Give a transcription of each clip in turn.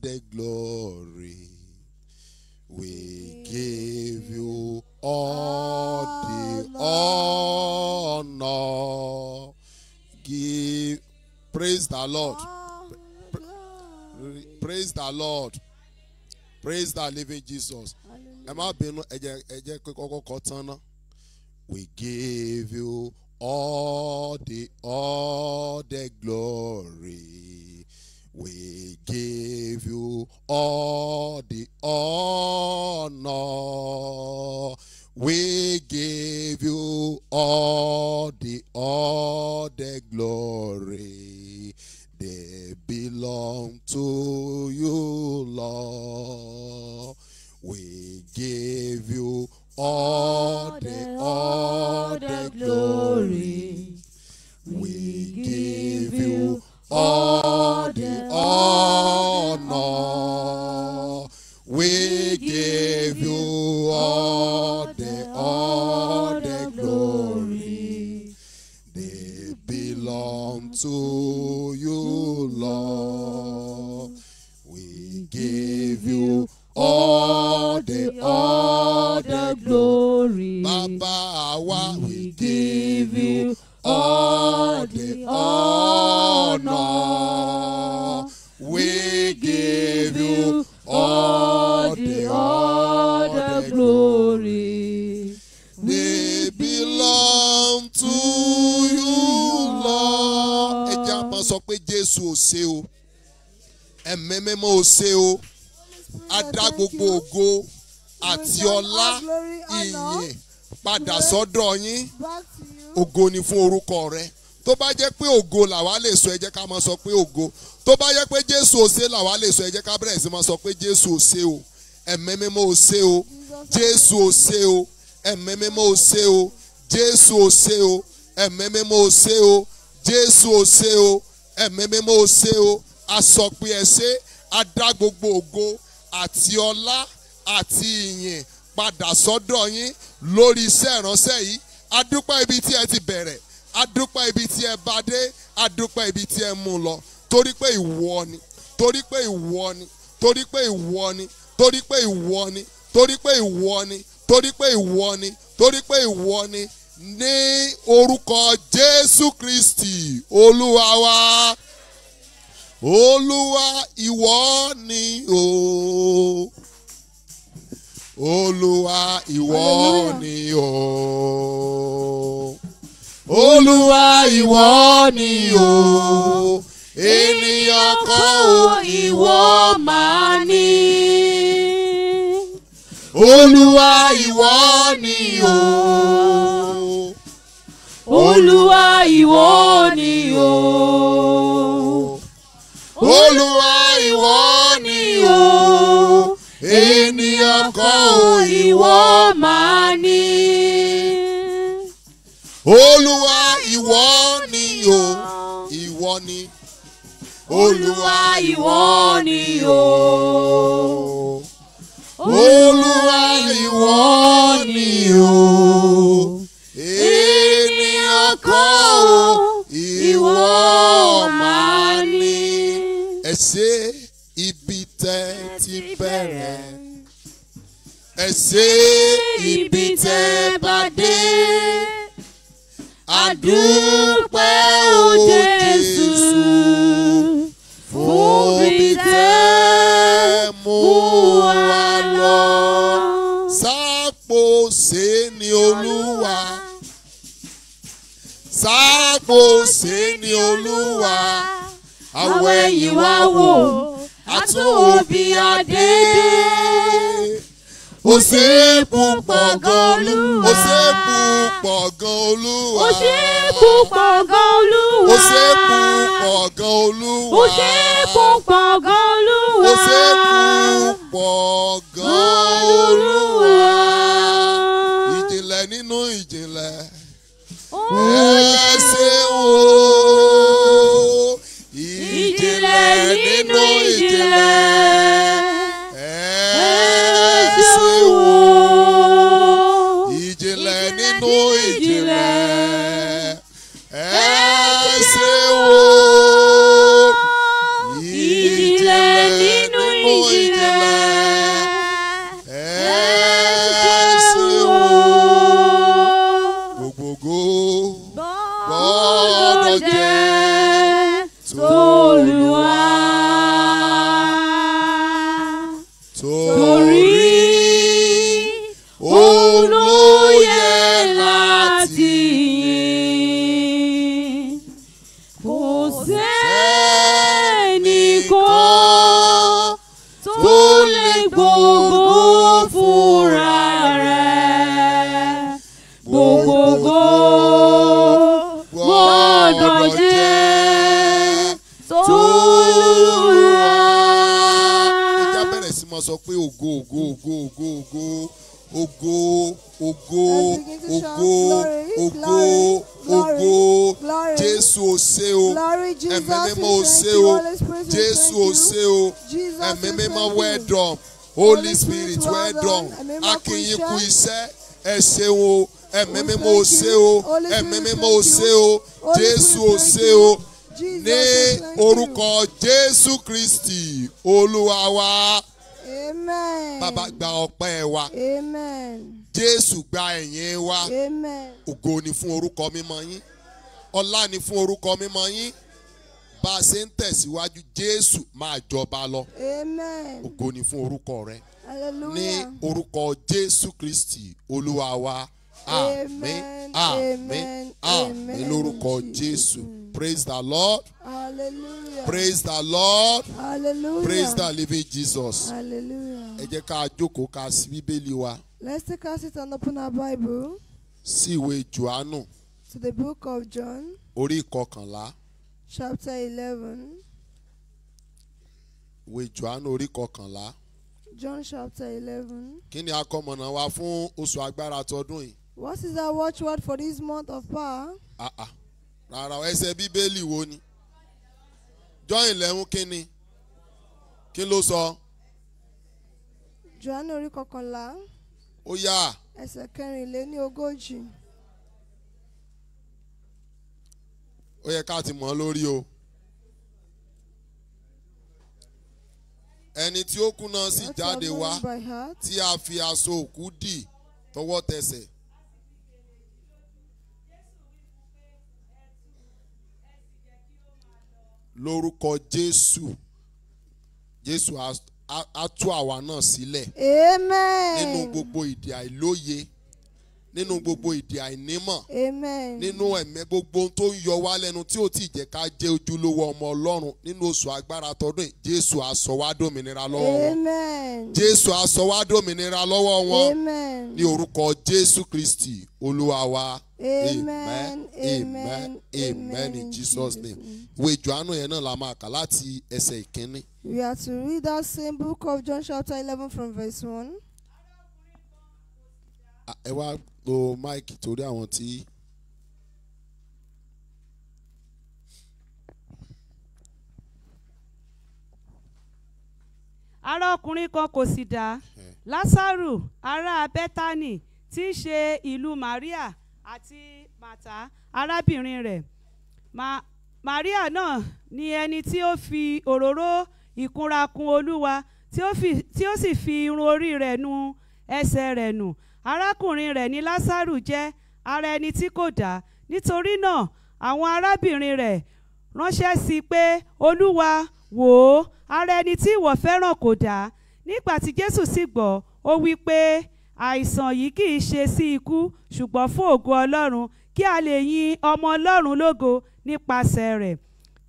the glory. We give you all the honor. Give praise the Lord. Praise the Lord. Praise the living Jesus. We give you all the all the glory. We give you all the honor. We give you all the all the glory. They belong to you, Lord. We give you all the all the glory. We give you all the honor. We give you all the all the glory. They belong to you, Lord. We give you all the all the glory. Baba, we give you. all the honor. We give you all the all the glory. We belong to you, Lord. Ẹ jẹ́ àpá sọ pé Jésù ò ṣe o, ẹ̀mí mímọ́ ò ṣe o, a gbogbo ògo àti ọlá ìyìn padà sọ́dọ̀ yín ògo ni fún orúkọ rẹ tó bá jẹ́ pé ògo làwa lè sọ ẹ jẹ́ ká máa sọ pé ògo tó bá jẹ́ pé jésù ò ṣe làwa lè sọ ẹ jẹ́ ká bẹ̀rẹ̀ sí máa sọ pé jésù ò ṣe o ẹ̀mí mímọ́ ò o jésù ò o ẹ̀mí mímọ́ ò o jésù ò o ẹ̀mí mímọ́ ò o jésù ò o ẹ̀mí mímọ́ ò o a sọ pé ẹ ṣe a dá gbogbo ògo àti ọlá àti ìyìn padà sọ́dọ̀ yín lórí iṣẹ́ ìránṣẹ́ yìí adúpẹ́ ibi tí ẹ ti bẹ̀rẹ̀ adúpẹ́ ibi tí ẹ bá dé adúpẹ́ ibi tí ẹ mú lọ torí pé ìwọ ni torí pé ìwọ ni torí pé ìwọ ni torí pé ìwọ ni torí pé ìwọ ni torí pé ìwọ ni torí pé ìwọ ni ní orúkọ Jésù Kristi Olúwa wa Olúwa ìwọ ni o. Oh olúwa ìwọ ni o olúwa ìwọ ni o ènìyàn kọ́ o ìwọ máa ní olúwa ìwọ ni o olúwa ìwọ ni o olúwa ìwọ ni o ènìyàn kọ́ ò ìwọ máa ní. olúwa ìwọ ni o ìwọ ni. olúwa ìwọ ni o. olúwa ìwọ ni o. ènìyàn kọ́ ò ìwọ máa ní. ẹ ṣé ti bẹ̀rẹ̀ ẹ ṣe ibi tẹ́ bá dé àdúpẹ́ o Jésù fún ibi tẹ́ mú wa lọ sápò ṣe ni Olúwa sápò ṣe ni Olúwa àwọn ẹ̀yìn wa wò tún fi adé dé. O ṣe púpọ̀ gan olúwa. O ṣe púpọ̀ gan olúwa. O ṣe púpọ̀ gan olúwa. O ṣe púpọ̀ gan olúwa. O ṣe púpọ̀ gan olúwa. O ṣe púpọ̀ gan olúwa. Ìjìnlẹ̀ nínú ìjìnlẹ̀. Ẹ ṣeun o. ògo ògo ògo ògo ògo ògo ògo ògo ògo ògo jésù o ṣé o ẹ̀mí mímọ́ o ṣé o jésù o ṣé o ẹ̀mí mímọ́ well done holy spirit well done akínyìn kú iṣẹ́ ẹ ṣé o ẹ̀mí mímọ́ o ṣé o ẹ̀mí mímọ́ o ṣé o jésù o ṣé o ní orúkọ jésù kristi olúwa wa. Amen. Bàbá gba ọpẹ́ wa. Amen. Jésù gba ẹ̀yìn wa. Amen. Ògo ni fún orúkọ mímọ́ yín. Ọlá ni fún orúkọ mímọ́ yín. Bá a ṣe ń tẹ̀síwájú, Jésù máa jọba lọ. Amen. Ògo ni fún orúkọ rẹ. Hallelujah. Ní orúkọ Jésù Kristi, Olúwa wa. Amen. Amen. Àmín. Àmín. Lórúkọ Jésù. Praise the Lord. Hallelujah. Praise the Lord. Hallelujah. Praise the living Jesus. Hallelujah. Ẹ jẹ́ ká jókòó ká sí Bíbélì wa. Let's take our seat and open our Bible. Sí ìwé Jòhánù. To the book of John. Orí ìkọkànlá. Chapter eleven. Ìwé Jòhánù orí ìkọkànlá. John chapter eleven. Kí ni akọmọ̀nà wa fún oṣù agbára tọdún yìí? What is our watchword for this month of power? Ah, ah. Rárá o, ẹsẹ̀ Bíbélì wo ni? John eleven kí ni? Kí ló sọ? Jòhánù orí kọkànlá. Ó yá. Ẹsẹ̀ kẹrìnléní ogójì. Ó yẹ ká ti mọ̀ ọ́ lórí o. Ẹni tí ó kú náà sì jáde wá tí a fi aṣọ òkú dì tọwọ́ tẹsẹ̀. lórúkọ Jésù Jésù á tú àwa náà sílẹ̀. Amen. nínú gbogbo ìdè àìlóye nínú gbogbo ìdè àìnímọ̀ nínú ẹ̀mẹ́ gbogbo tó ń yọ wá lẹ́nu tí ó ti jẹ́ ká jẹ́ ojúlówó ọmọ Ọlọ́run nínú oṣù agbára tọdún yìí Jésù á sọ wá dòmìnira lọ́wọ́ wọn Jésù á lọ́wọ́ wọn ní orúkọ Jésù Kristi Olúwa amen amen amen, in Jesus name ìwé Jòhánù yẹn náà la máa kà láti ẹsẹ̀ ìkíní. We are to read that same book of John chapter eleven from verse one ẹ wá lo máìkì torí àwọn tí. ará ọkùnrin kan kò sì dá lásàrù ará bẹ́tánì tí í ṣe ìlú maria àti màtá arábìnrin rẹ̀ maria náà ni ẹni tí ó fi òróró ìkunra kun olúwa tí ó sì fi irun orí rẹ̀ nu ẹsẹ̀ rẹ̀ nù arákùnrin rẹ̀ ni lásàrù jẹ́ ara ẹni tí kò dá nítorí náà àwọn arábìnrin rẹ̀ ránṣẹ́ sí i pé olúwa wò ó ara ẹni tí ìwọ fẹ́ràn kò dá nígbà tí jésù sì gbọ́ ó wí pé àìsàn yìí kì í ṣe sí ikú ṣùgbọ́n fún ògo ọlọ́run kí a lè yin ọmọ ọlọ́run lógo nípasẹ̀ rẹ̀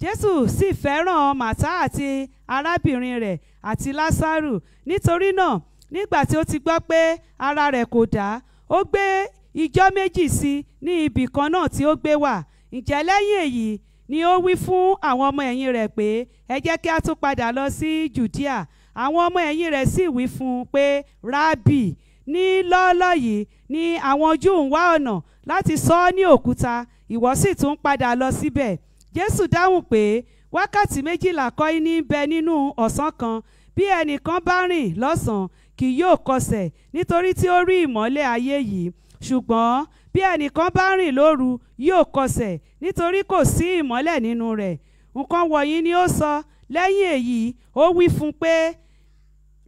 jésù sì fẹ́ràn màtá àti arábìnrin rẹ̀ àti lásàrù nítorí náà nígbà tí ó ti gbọ́ pé ara rẹ̀ kò dá ó gbé ijọ́ méjì sí ní ibì kan náà tí ó gbé wà ǹjẹ́ lẹ́yìn èyí ni ó wí fún àwọn ọmọ ẹ̀yìn rẹ̀ pé ẹ jẹ́ kí a tún padà lọ sí Jùdíà àwọn ọmọ ẹ̀yìn rẹ̀ sì wí fún un pé rábì ní lọ́ọ́lọ́ yìí ni àwọn Júù ń wá ọ̀nà láti sọ ọ́ ní òkúta ìwọ sì tún padà lọ síbẹ̀ Jésù dáhùn pé wákàtí méjìlá kọ́ ní bẹ nínú ọ̀sán kan bí ẹnìkan bá rìn lọ́sàn-án kì yóò kọsẹ̀ nítorí tí ó rí ìmọ́lẹ̀ ayé yìí ṣùgbọ́n bí ẹnìkan bá rìn lóru yóò kọsẹ̀ nítorí kò sí ìmọ́lẹ̀ nínú rẹ̀ nǹkan wọ̀nyí ni ó sọ lẹ́yìn èyí ó wí fún pé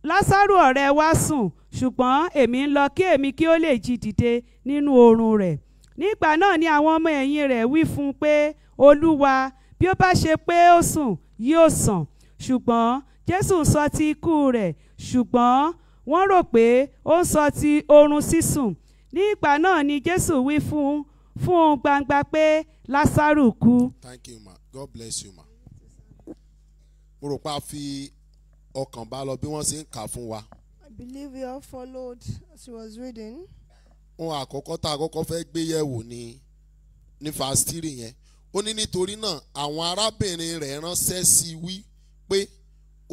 lásàrò ọ̀rẹ́ wa sùn ṣùgbọ́n èmi ń lọ kí èmi kí ó lè jí dìde nínú oorun rẹ̀ nígbà náà ni àwọn ọmọ ẹ̀yìn rẹ̀ wí fún pé olúwa bí ó bá ṣe pé ó sùn yóò sàn ṣùgbọ́n jésù sọ ti ikú rẹ̀ ṣùgbọ́n wọ́n rò pé ó ń sọ ti oorun sísùn ní náà ni Jésù wí fún fún gbangba pé Lásárù kú. Thank you ma God bless you ma. mo rò pé a fi ọkàn bá lọ bí wọ́n ṣe ń kà fún wa. I believe we all followed as he was reading. ohun àkọ́kọ́ tá a kọ́kọ́ fẹ́ gbé yẹ̀wò ni ní fastiri yẹn ó ní nítorí náà àwọn arábìnrin rẹ̀ ránṣẹ́ sí i wí pé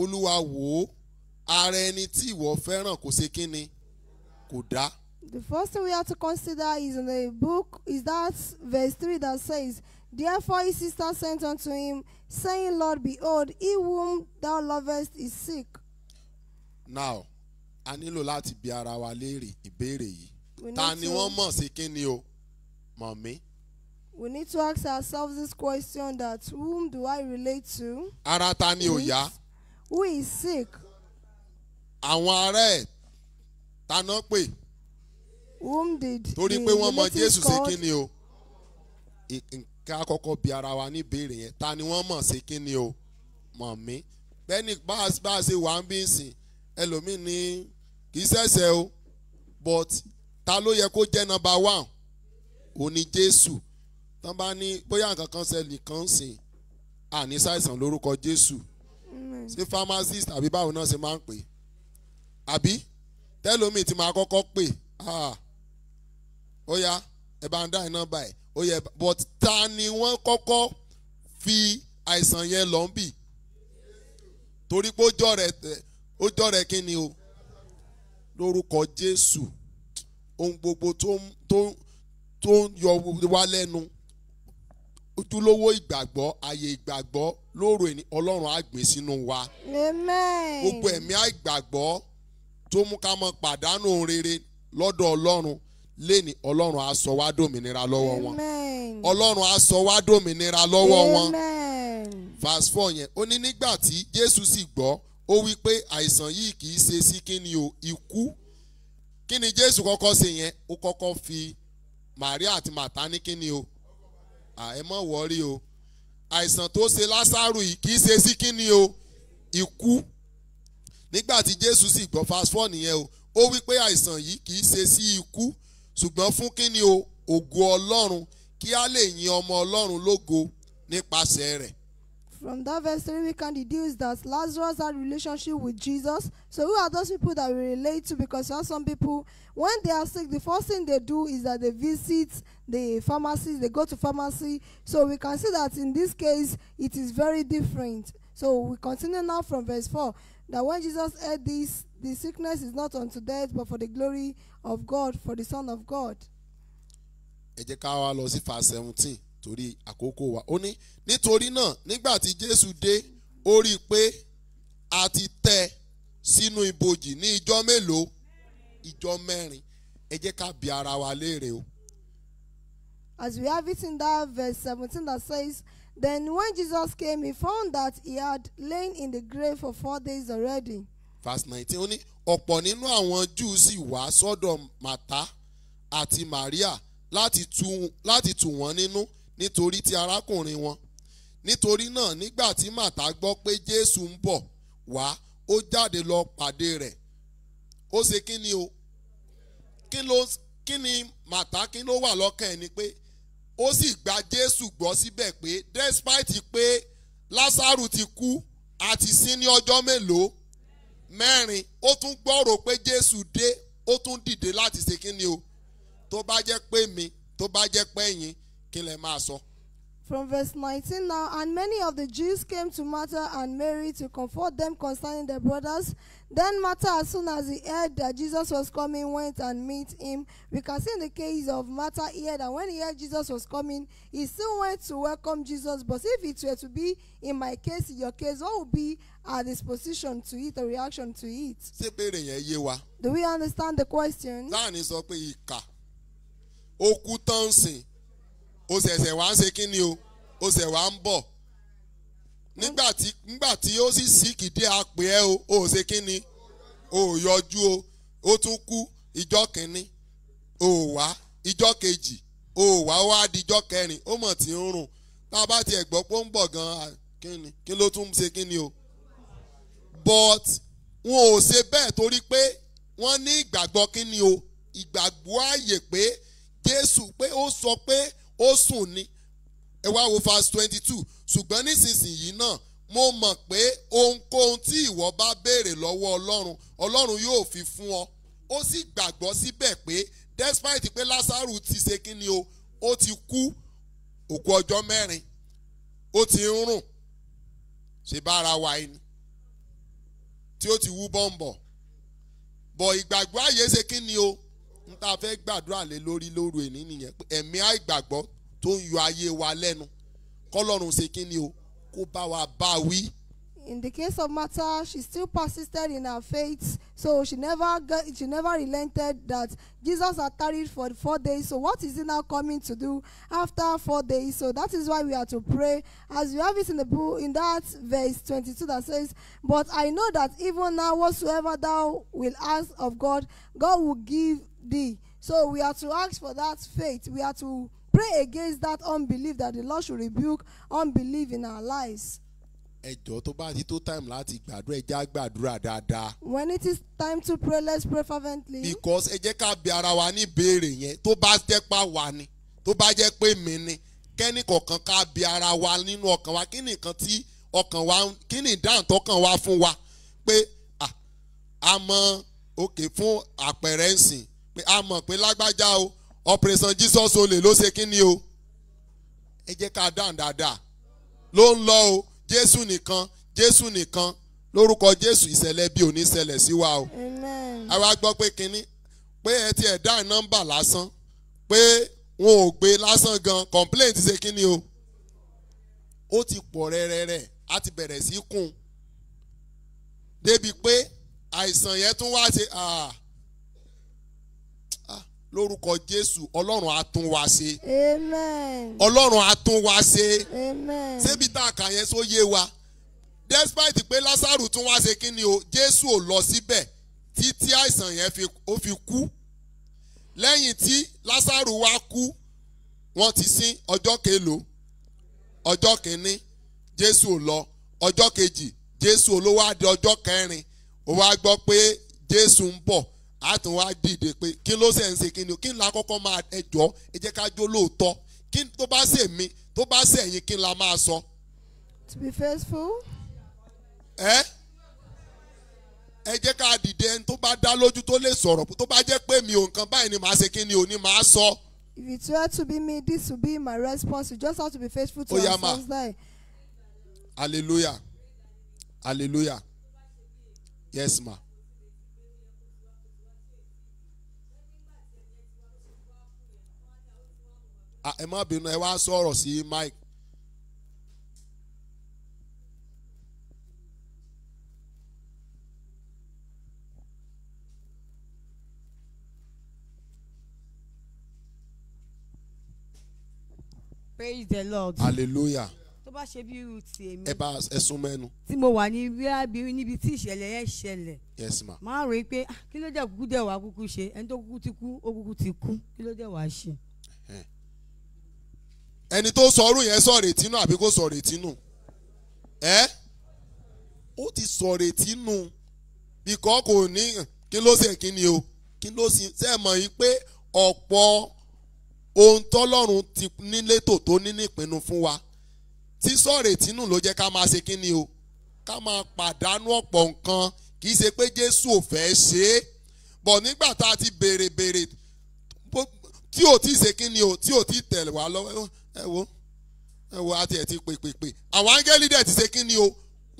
Olúwa wò ó ara ẹni tí ìwọ fẹ́ràn kò ṣe kí ni kò dá. The first thing we have to consider is in the book is that verse three that says, Therefore his sister sent unto him, saying, Lord, behold, he whom thou lovest is sick. Now, a nílò láti bi ara wa léèrè ìbéèrè yìí. Ta ni wọ́n mọ̀ sí kí ni o? Mọ̀ mí. We need to ask ourselves this question that whom do I relate to? Ara ta ni ò yá? Who is sick? àwọn ará ẹ̀ taná pè. did the torí pé wọ́n mọ Jésù ṣe kí ni o nǹkan àkọ́kọ́ bi ara wa ní ìbéèrè yẹn ta ni wọ́n mọ̀ ṣe kí ni o mọ̀ mí bẹ́ẹ̀ni bá a ṣe wà ń bí sìn ẹlòmíì ní kì í ṣẹ̀ṣẹ̀ o but ta ló yẹ kó jẹ́ number one ó ní Jésù tán bá ní bóyá nǹkan kan ṣẹlẹ̀ kan sìn àní ṣàìsàn lórúkọ Jésù ṣé pharmacist àbí báwo náà ṣe máa ń pè é àbí tẹ́lómi tí máa kọ́kọ́ pè ah. ó yá ẹ bá ń dá iná báyìí ó yẹ but ta ni wọ́n kọ́kọ́ fi àìsàn yẹn lọ́n bì torí pé ó jọ rẹ̀ ó jọ rẹ̀ kí ni o lórúkọ Jésù ohun gbogbo tó tó tó ń yọ wá lẹ́nu ojúlówó ìgbàgbọ́ ààyè ìgbàgbọ́ lóòrò Ọlọ́run á gbìn sínú wa gbogbo ẹ̀mí àìgbàgbọ́ tó mú ká mọ pàdánù rere lọ́dọ̀ ọlọ́run léni ọlọ́run á sọ wá dòmìnira lọ́wọ́ wọn ọlọ́run á sọ wá dòmìnira lọ́wọ́ wọn verse four yẹn ó ní nígbà tí jésù sì gbọ́ ó wí pé àìsàn yìí kì í ṣe sí kíni o ikú kíni jésù kọ́kọ́ ṣe yẹn ó kọ́kọ́ fi màríà àti màtá ní kíni o ẹ mọ̀ wọ́rí o àìsàn tó ṣe lásàrù yìí kì í ṣe sí kíni o ikú nígbà tí jésù sì gbọ́ fast nìyẹn o ó wí pé àìsàn yìí kì í ṣe sí ikú ṣùgbọ́n fún kí ni o ògo ọlọ́run kí a lè yin ọmọ ọlọ́run lógo nípasẹ̀ rẹ̀. From that verse, three, we can deduce that Lazarus had relationship with Jesus. So who are those people that we relate to? Because you have some people, when they are sick, the first thing they do is that they visit the pharmacies, they go to pharmacy. So we can see that in this case, it is very different. So we continue now from verse four that when Jesus heard this, the sickness is not unto death, but for the glory of God, for the Son of God. Ẹ jẹ́ ká wá lọ sí fa seventeen torí àkókò wa. Ó ní nítorí náà nígbà tí Jésù dé, ó rí i pé a ti tẹ́ sínú ibojì ní ijọ́ mélòó? Ijọ́ mẹ́rin. Ẹ jẹ́ ká bi ara wa léèrè o. As we have it in that verse seventeen that says, Then when Jesus came, he found that he had lain in the grave for four days already. Verse nineteen ó ní ọ̀pọ̀ nínú àwọn Júù sì wá sọ́dọ̀ Màtá àti Màríà láti tù wọ́n nínú nítorí ti arákùnrin wọn. Nítorí náà nígbà tí Màtá gbọ́ pé Jésù ń bọ̀ wá ó jáde lọ pàdé rẹ̀ ó ṣe kí ni o kí ni Màtá kí ló wà lọ́kàn ẹ̀ pé ó sì gba jésù gbọ́ síbẹ̀ pé despite pé lásàrù ti kú àti sin ní ọjọ́ mélòó mẹ́rin ó tún gbọ́rò pé jésù dé ó tún dìde láti ṣe kí ni o tó bá jẹ́ pé mi tó bá jẹ́ pé yín kí lẹ máa sọ. From verse 19 now, and many of the Jews came to Martha and Mary to comfort them concerning their brothers. Then Martha, as soon as he heard that Jesus was coming, went and met him. We can see in the case of Martha here that when he heard Jesus was coming, he still went to welcome Jesus. But if it were to be in my case, in your case, what would be our disposition to it, a reaction to it? Ṣé béèrè yẹn yé Do we understand the question? Láàánú sọ pé ìkà, ṣẹ̀ṣẹ̀ wá ń ṣe kí ni o, ó ṣẹ̀ wá ń bọ̀ nígbà tí nígbà tí ó sì sí kìdí apè ẹ o ò ṣe kínni o ò yọjú o ó tún kú ìjọ kìíní o ò wá ìjọ kejì o ò wá wá di ìjọ kẹrin ó mọ̀ tí ń rùn tá a bá tiẹ̀ gbọ́ pé ó ń bọ̀ gan-an kínni kí ló tún ṣe kínni o but wọn ò ṣe bẹ́ẹ̀ torí pé wọ́n ní ìgbàgbọ́ kínni o ìgbàgbọ́ ààyè pé Jésù pé ó sọ pé ó sùn ni ẹ wá wo verse twenty two ṣùgbọ́n nísinsìnyí náà mo mọ̀ pé ohunkóhun tí ìwọ bá béèrè lọ́wọ́ ọlọ́run ọlọ́run yóò fi fún ọ ó sì gbàgbọ́ síbẹ̀ pé despite pé Lásárù ti ṣe kí ni o ó ti kú òkú ọjọ́ mẹ́rin ó ti ń rùn ṣe bára wa ẹni tí ó ti wú bọ́ǹbọ̀ bọ̀ ìgbàgbọ́ àyè ṣe kí ni o n ta fẹ́ gbàdúrà lé lórí lóru èní nìyẹn ẹ̀mí àìgbàgbọ́ tó ń yọ ayé wa lẹ́nu kọ́lọ́run ṣe kí ni o kó bá wa bá wí. In the case of Martha, she still persisted in her faith, so she never got, she never relented that Jesus had tarried for four days. So what is he now coming to do after four days? So that is why we are to pray, as we have it in the book in that verse 22 that says, "But I know that even now, whatsoever thou will ask of God, God will give thee." So we are to ask for that faith. We are to pray against that unbelief that the Lord should rebuke unbelief in our lives. ẹjọ tó bá ti tó time láti gbàdúrà ẹjẹ àgbàdúrà dáadáa. when it is time to pray let's pray fervently. because ẹ jẹ́ ká bi ara wa ní ìbéèrè yẹn tó bá jẹ́ pa wà ni tó bá jẹ́ pé mi ni kẹ́ni kọ̀ọ̀kan ká bi ara wa nínú ọkàn wa kí ni nǹkan tí ọkàn wa kí ni ìdáhùn tọkàn wa fún wa pé a òkè fún àpẹẹrẹ ń sìn pé a pé lágbájá o operation jesus olè ló ṣe kí ni o ẹ jẹ́ ká dáhùn dáadáa ló ń lọ o jésù nìkan jésù nìkan lórúkọ jésù ìṣẹ̀lẹ̀ bí ò ní ṣẹlẹ̀ sí wa o àwa gbọ́ pé kínní pé ẹ tiẹ̀ dá nọ́mbà lásán pé wọn ò gbé lásán gan complaint ṣe kí ni o ó ti pọ̀ rẹ́rẹ́rẹ́ a ti bẹ̀rẹ̀ sí kún débi pé àìsàn yẹn tún wá ṣe lórúkọ jésù ọlọ́run á tún wa ṣe. amen. ọlọ́run á tún wa ṣe. amen. ṣébi tá a kà yẹn só yé wa despite pé lásàrù tún wá ṣe kíni o jésù ò lọ síbẹ̀ títí àìsàn yẹn ó fi kú lẹ́yìn tí lásàrù wá kú wọ́n ti sin ọjọ́ kelo ọjọ́ kìíní jésù ò lọ ọjọ́ kejì jésù olówó àdé ọjọ́ kẹrin ó wá gbọ́ pé jésù ń bọ̀ a tún wá dìde pé kí ló ṣe ń ṣe kí ni kí n la kọ́kọ́ máa ẹjọ́ ẹ jẹ́ ká jó lóòótọ́ kí tó bá ṣe mí tó bá ṣe ẹ̀yin kí n la máa sọ. to be faithful. ẹ ẹ jẹ́ ká dìde ẹni tó bá dá lójú tó lè sọ̀rọ̀ tó bá jẹ́ pé mi ò nǹkan báyìí ni màá ṣe kí ni ò màá sọ. if it were to be me this will be my response you just have to be faithful to yourself like. hallelujah hallelujah yes ma. ẹ má bínú ẹ wá sọ̀rọ̀ sí mike. praise the lord. hallelujah. tó bá ṣe bí irú ti èmi. ẹ bá ẹ sún mẹ́nu. tí mo wà níbi tí ìṣẹ̀lẹ̀ yẹn ṣẹlẹ̀. yes ma. máa rò pé ah, kí ló dé kúkú dé wàá kúkú ṣe ẹni tó kúkú ti kú ó kúkú ti kú kí ló dé wàá ṣe ẹni tó sọ̀rọ̀ yẹn sọ̀rọ̀ ètínú àbí kò sọ̀rọ̀ ètínú ẹ ó ti sọ̀rọ̀ ètínú bíkọ́ kò ní kí ló ṣe kí ni o kí ló ṣe ẹ mọ̀ yìí pé ọ̀pọ̀ ohun tọ́lọ́run ti nílétò tó ní nípinnu fún wa tí sọ̀rọ̀ ètínú ló jẹ́ ká máa ṣe kí ni o ká máa pàdánù ọ̀pọ̀ nǹkan kì í ṣe pé Jésù ò fẹ́ ṣe é bọ̀ nígbà tá a ti béèrè béèrè tí ò tí ì ṣe kí ni o tí ò tí ì tẹ̀lé wa lọ́wọ́ ẹ wo ẹ wo àti ẹ̀ ti pèpèpè àwọn áńgẹ́lì dẹ̀ ti ṣe kí ni o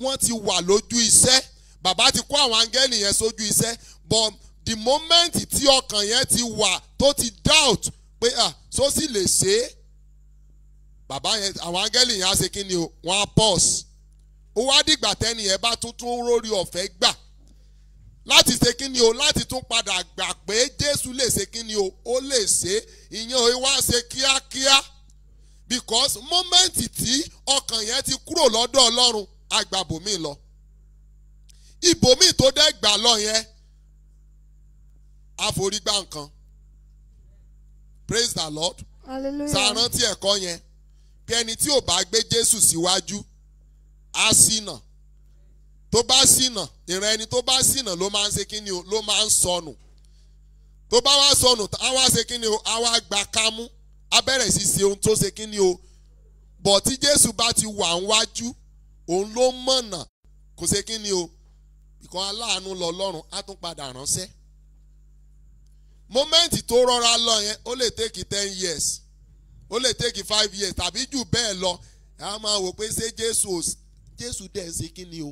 wọ́n ti wà lójú iṣẹ́ bàbá ti kó àwọn áńgẹ́lì yẹn sójú iṣẹ́ but the moment tí ọkàn yẹn ti wà tó ti doubt pé ah so sì lè ṣe é bàbá yẹn àwọn áńgẹ́lì yẹn á ṣe kí ni o wọ́n á pause ó wá dìgbà tẹ́ni yẹn bá tuntun rórí ọ̀fẹ́ gbà láti ṣe kí ni o láti tún padà gbà pé Jésù lè ṣe kí ni o ó lè ṣe ìyẹn ò wá ṣe kíákíá because moment tí ọkàn yẹn ti kúrò lọ́dọ̀ ọlọ́run àgbà bòmí lọ ibòmí tó dẹ́ gbà lọ yẹn àforígbà nǹkan praise the lord hallelujah sàrántí ẹ̀kọ́ yẹn bí ẹni tí ò bá gbé jésù síwájú á ṣìnà tó bá ṣìnà ìran ẹni tó bá ṣìnà ló máa ń ṣe kíni o ló máa ń sọnù tó bá wá sọnù á wá ṣe kíni o á wá gba kámú á bẹ̀rẹ̀ sí ṣe ohun tó ṣe kí ni o bọ̀ tí Jésù bá ti wà ń wájú òun ló mọ̀nà kò ṣe kí ni o ìkan aláàánú lọ lọ́rùn á tún padà ránṣẹ́ mọ́mẹ́ǹtì tó rọra lọ yẹn ó lè tẹ́kì ten years ó lè tẹ́kì five years tàbí jù bẹ́ẹ̀ lọ ẹ̀ á máa wò pé ṣé Jésù Jésù dẹ̀ ṣe kí ni o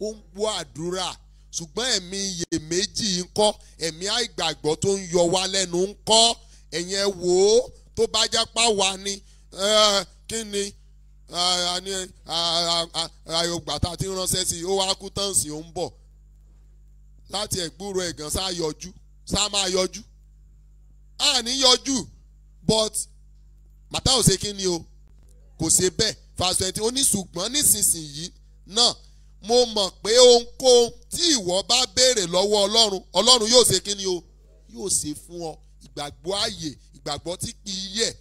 ó ń gbọ́ àdúrà ṣùgbọ́n ẹ̀mí iyèméjì ń kọ́ ẹ̀mí àìgbàgbọ́ tó ń yọ wá lẹ́nu ń kọ́ ẹ̀yẹn wò ó tó bá jẹ́ pa wà ní kí ni àyògbà tá a ti ránṣẹ́ sí i ó wá kú tán sí i ó ń bọ̀ láti ẹ̀gbúrò ẹ̀gàn sá yọjú sá máa yọjú a ní yọjú but màtá ò ṣe kí ni o kò ṣe bẹ́ẹ̀ fàṣẹ̀tì ó ní ṣùgbọ́n nísinsìnyí náà mo mọ̀ pé ohunkóhun tí ìwọ bá béèrè lọ́wọ́ ọlọ́run ọlọ́run yóò ṣe kí ni o yóò ṣe fún ọ ìgbàgbọ́ ààyè ìgbàgbọ́ tí kì í yẹ̀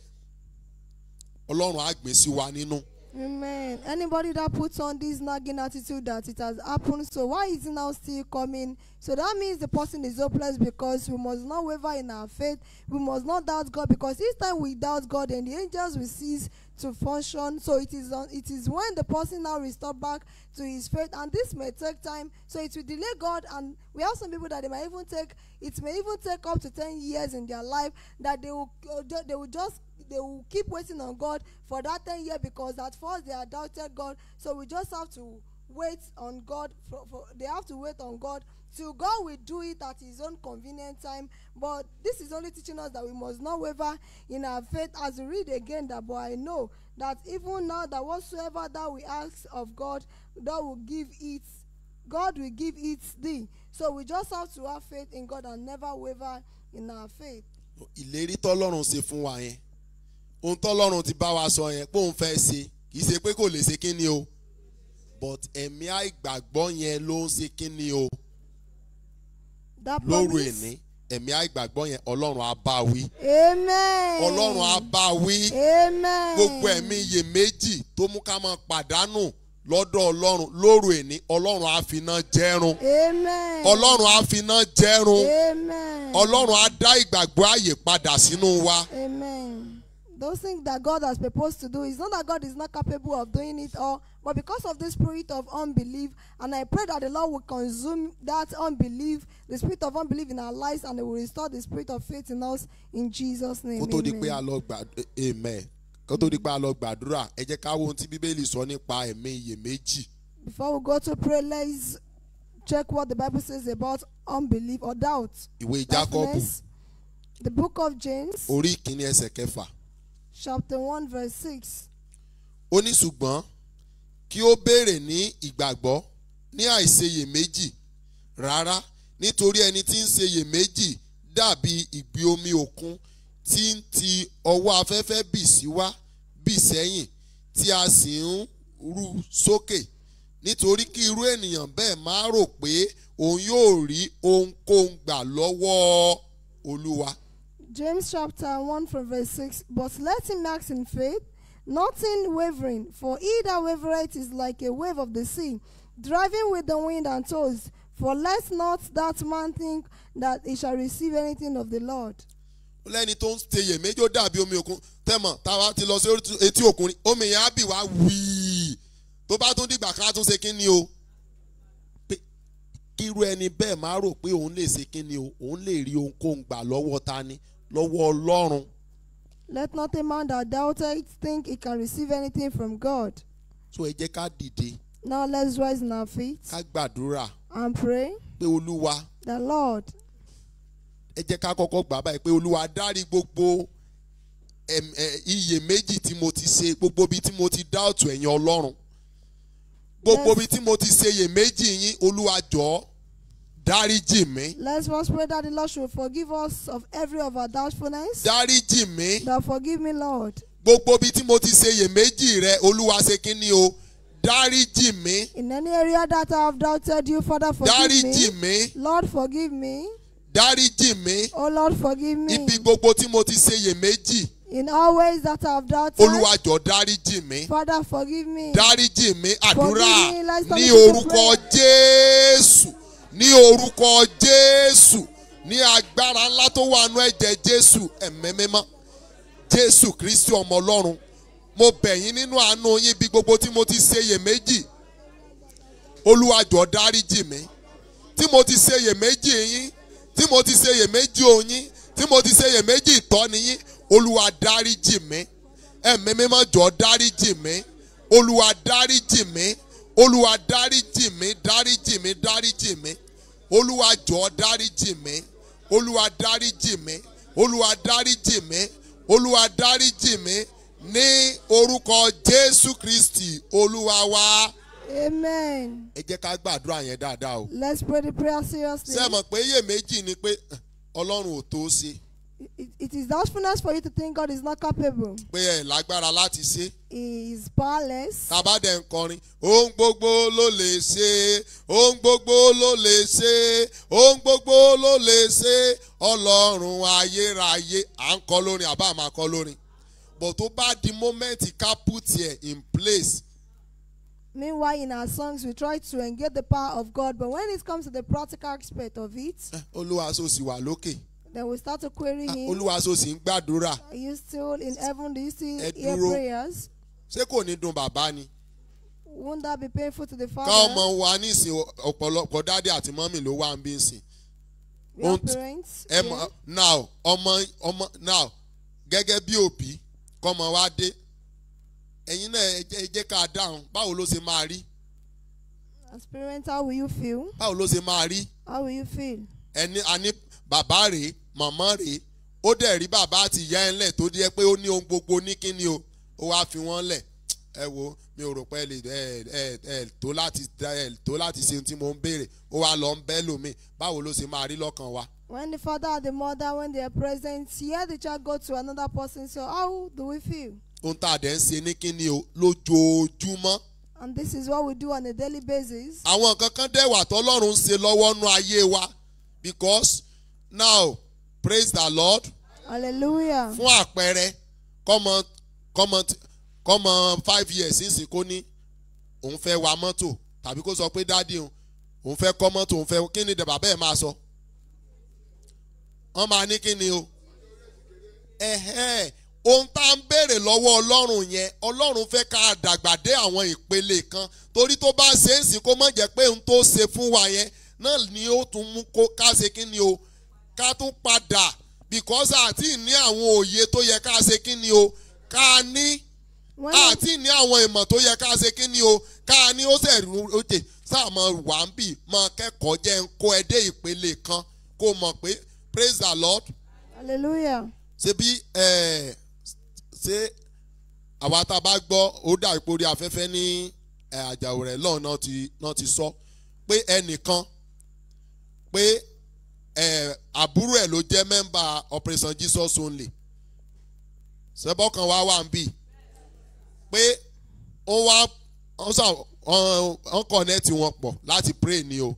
ọlọ́run á gbìn sí wa nínú. Amen. Anybody that puts on this nagging attitude that it has happened, so why is it now still coming? So that means the person is hopeless because we must not waver in our faith. We must not doubt God because each time we doubt God, and the angels will cease to function. So it is on, uh, it is when the person now restored back to his faith, and this may take time. So it will delay God, and we have some people that they may even take it may even take up to ten years in their life that they will uh, they will just they will keep waiting on God for that ten year because at first they are doubted God. So we just have to wait on God. For, for, they have to wait on God Till God will do it at His own convenient time. But this is only teaching us that we must not waver in our faith. As we read again, that but I know that even now that whatsoever that we ask of God, God will give it. God will give it thee. So we just have to have faith in God and never waver in our faith. Ìlérí tọ́lọ́run ṣe fún wa yẹn. Ohun tọ́lọ́run ti bá wa sọ yẹn pé òun fẹ́ ṣe. Kì ṣe pé kò lè ṣe kíni o. But ẹ̀mí àìgbàgbọ́ yẹn ló ń ṣe kíni o lóru èní ẹ̀mí àìgbàgbọ́ yẹn ọlọ́run á wí. ọlọ́run á wí. gbogbo ẹ̀mí iyèméjì tó mú ká máa pàdánù lọ́dọ̀ ọlọ́run lóru èní ọlọ́run á finá ọlọ́run á finá ọlọ́run á dá ìgbàgbọ́ àyè padà sínú wa. Those things that God has proposed to do, it's not that God is not capable of doing it all. But because of the spirit of unbelief, and I pray that the Lord will consume that unbelief, the spirit of unbelief in our lives, and it will restore the spirit of faith in us in Jesus' name. Amen. kó Before we go to prayer, let's check what the Bible says about unbelief or doubt. Ìwé Jákọ́bù. The book of James. Orí ìkíní Chapter one verse six. Ó kí ó béèrè ní ìgbàgbọ́ ní àìṣeyèméjì rárá nítorí ẹni tí ń ṣeyèméjì dàbí ìgbì omi òkun tí ń ti ọwọ́ afẹ́fẹ́ bì sí wá bì sẹ́yìn tí a sì ń rú sókè nítorí kí irú ènìyàn bẹ́ẹ̀ máa rò pé òun yóò rí ohunkóhun gbà lọ́wọ́ Olúwa. James chapter one from verse six but let him act in faith nothing wavering, for he that wavereth is like a wave of the sea, driving with the wind and tossed. For let not that man think that he shall receive anything of the Lord. lẹ́ni tó ń teyè méjì ó dàbí omi òkun tẹ́mọ̀ táwa ti lọ sí etí òkun omi yẹn á bì wá wíì tó bá tún dìgbà ká tún ṣe kínni o kíru ẹni bẹ́ẹ̀ má rò pé òun lè ṣe kínni o òun lè rí ohunkóhun gbà lọ́wọ́ ta ni lọ́wọ́ Ọlọ́run Let not a man that it think he can receive anything from God. So ẹ jẹ́ ká dìde. Now let's rise in our feet. Ká gbàdúrà. And pray. Pé Olúwa. The Lord. Ẹ jẹ́ ká kọ́kọ́ gbà báyìí pé Olúwa dárí gbogbo iyèméjì tí mo ti ṣe gbogbo ibi tí mo ti dáòtù ẹ̀yin Ọlọ́run. Gbogbo ibi tí mo ti ṣe iyèméjì yín Olúwa jọ̀ọ́ dáríjì mí. let's first pray that the Lord should forgive us of every of our doubtfulness. dáríjì mí. now forgive me Lord. gbogbo ibi tí mo ti ṣe iyèméjì rẹ olúwa ṣe kí ni o dáríjì mí. in any area that I have doubted you Father forgive dáríjì me. dáríjì mí. Lord forgive me. dáríjì mí. oh Lord forgive me. ibi gbogbo tí mo ti ṣe iyèméjì. In all ways that I have doubted. Olúwa dáríjì mi. Father forgive me. Dáríjì mi àdúrà ní orúkọ Jésù ní orúkọ Jésù ní agbára ńlá tó wà nú ẹ̀jẹ̀ Jésù ẹ̀mẹ́ mímọ́ Jésù Kristi ọmọ Ọlọ́run mo bẹ̀ yín nínú àánú yín bí gbogbo tí mo ti ṣe iyèméjì Olúwa jọ̀ọ́ dáríjì mi tí mo ti ṣe iyèméjì yín tí mo ti ṣe iyèméjì oyin tí mo ti ṣe iyèméjì ìtọ́ni yín Olúwa dáríjì mi ẹ̀mí mímọ́ jọ̀ọ́ dáríjì mi Olúwa dáríjì mi olúwa dáríjì mí dáríjì mí dáríjì mí olúwa jọ̀ọ́ dáríjì mí olúwa dáríjì mí olúwa dáríjì mí olúwa dáríjì mí ní orúkọ jésù kristi olúwa wa. amen. ẹ jẹ́ ká gbàdúrà yẹn dáadáa o. let's pray the prayer seriously. sẹ́mọ̀ pé iyèméjì ni pé ọlọ́run ò tó ṣe. It, it is doubtfulness for you to think God is not capable. Pé ẹ lágbára láti ṣe. He is powerless. Tàbá dẹ̀ ń kọrin, ohun gbogbo ló lè ṣe, ohun gbogbo ló lè ṣe, ohun gbogbo ló lè ṣe, ọlọ́run ayérayé, à ń kọ lórin, àbá máa kọ lórin. But tó bá di moment ká put ẹ̀ in place. Meanwhile, in our songs, we try to engage the power of God, but when it comes to the practical aspect of it. Eh, Olúwa sọ sì wà lókè. Then we start to query ah, him. Olúwa sì ń gbàdúrà. Are you still in heaven? Do you still hear prayers? Ṣé kò ní dùn bàbá ni? Won't that be painful to the father? Ká ọmọ wa ní ìsìn ọ̀pọ̀lọpọ̀ dáadé àti mọ́mì ló wá ń bí ìsìn. We are parents. Ẹ mọ now ọmọ ọmọ now gẹ́gẹ́ bí òbí kọ́mọ wa dé. Ẹ̀yin náà ẹ jẹ́ ká dáhùn báwo ló ṣe máa rí? As parents, how will you feel? Báwo ló ṣe máa rí? How will you feel? Ẹni àní bàbá rèé màmá rèé ó dẹ̀ rí bàbá àti ìyá ẹ̀ ńlẹ̀ tó jẹ́ pé ó ní ohun gbogbo ní kíni o ó wáá fi wọ́n lẹ̀ ẹ wo mi ò rò pé ẹ tó láti ẹ tó láti ṣe ohun tí mo ń béèrè ó wáá lọ ń bẹ́ lómi báwo ló ṣe máa rí lọ́kàn wa. When the father or the mother, when they are present, hear the child go to another person, so how do we feel? Ohun tá a dẹ̀ ń ṣe ní kíni o lójoojúmọ́. And this is what we do on a daily basis. Àwọn nǹkan dẹ̀ wà tọ́lọ́run ń ṣe lọ́wọ́ nú ayé wa because now praise the lord. hallelujah. fún àpẹẹrẹ kọ́mọ kọ́mọ kọ́mọ five years sísìn kó ní òun fẹ́ wa mọ́tò tàbí kó sọ pé dáàdi òun òun fẹ́ kọ́ mọ́tò òun fẹ́ kí ni dẹ̀ bàbá máa sọ wọ́n máa ní kí ni o ẹ̀hẹ́n ohun tá à ń béèrè lọ́wọ́ ọlọ́run yẹn ọlọ́run fẹ́ ká dàgbà dé àwọn ìpele kan torí tó bá ṣe é sì kó má jẹ́ pé ohun tó ṣe fún wa yẹn náà ni ó tún mú ká ṣe kí ni o ká tún padà because àti ní àwọn òye tó yẹ ká ṣe kí ni o ká ní àti ní àwọn ìmọ̀ tó yẹ ká ṣe kí ni o ká ní ó sì rú òkè sáàmọ wà ń bì máa kẹ́kọ̀ọ́ jẹ́ ń kó ẹ ìpele kan kó mọ̀ pé praise the lord. hallelujah. ṣe bí ẹ ṣe àwa tá a bá gbọ́ ó dà ìpòrí afẹ́fẹ́ ní àjàwò rẹ̀ lọ́ọ̀ náà ti sọ pé ẹnìkan pé àbúrò ẹ̀ ló jẹ́ mẹ́mbà operation jesus only ṣẹbọ kan wá wà ń bì pé ó wá wọ́n connect wọn pọ̀ láti pray ni o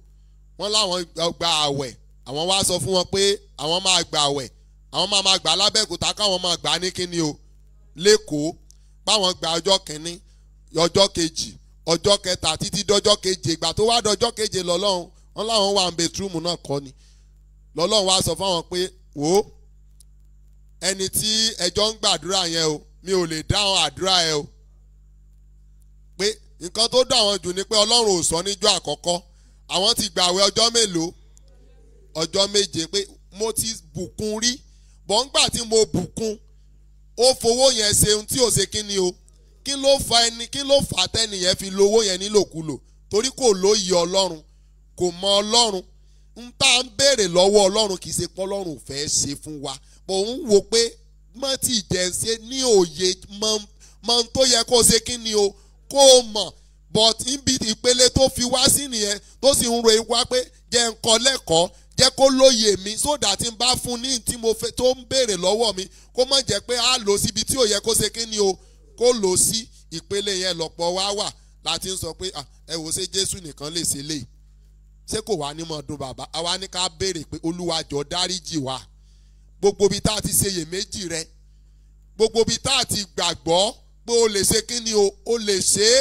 wọ́n láwọn gba àwẹ̀ àwọn wá sọ fún wọn pé àwọn máa gba àwẹ̀ àwọn máa máa gbà lábẹ́òkúta káwọn máa gbà ní kíni o lẹ́kọ̀ọ́ báwọn gba ọjọ́ kìíní ọjọ́ kejì ọjọ́ kẹta títí dọ́jọ́ keje ìgbà tó wá dọ́jọ́ keje lọ́lọ́run wọ́n láwọn wà ń bẹ túrúmù náà kọ́ ni lọ́lọ́run wá sọ fáwọn pé wò ó ẹni tí ẹjọ́ ń gbàdúrà yẹn o mi ò lè dáhùn àdúrà ẹ o pé nǹkan tó dà wọ́n jù ni pé ọlọ́run ò sọ níjọ́ àkọ́kọ́ àwọn ti gbààwẹ̀ ọjọ́ mélòó ọjọ́ méje pé mo ti bùkún rí bọ́ ńgbà tí mo bùkún ó fowó yẹn ṣe ohun tí ò ṣe kí ni o kí ló fa ẹni kí ló fà á tẹ́nìyẹn fi lówó yẹn nílòkulò torí kò lóye ọlọ́run kò mọ ọlọ́run n tá à ń béèrè lọ́wọ́ ọlọ́run kì í ṣe pọ́ ọlọ́run fẹ́ ṣe fún wa bò ń wo pé mọ́tì ìjẹ̀ǹsẹ̀ ní òye mọ́ n tó yẹ kó ṣe kí ni o kó o mọ̀ but níbi ìpele tó fi wá sí nìyẹn tó sì ń ro iwá pé jẹ́ ń kọ́ lẹ́kọ̀ọ́ jẹ́ kó lóye mi sódà tí n bá fún ní tí mo fẹ́ tó ń béèrè lọ́wọ́ mi kó má jẹ́ pé a lò síbi tí ò yẹ kó ṣe kí ni o kó lò sí ìpele yẹn lọ́pọ̀ wá wà láti ń sọ pé ẹ wò ṣe Jésù nìkan lè ṣe léyìí ṣé kò wá ní mọ̀ dùn bàbá àwa ní ká béèrè pé olúwa jọ dáríjì wa gbogbo ibi tá a ti ṣe iyèméjì rẹ gbogbo ibi tá a ti gbàgbọ́ pé o lè ṣe kí ni o o lè ṣe é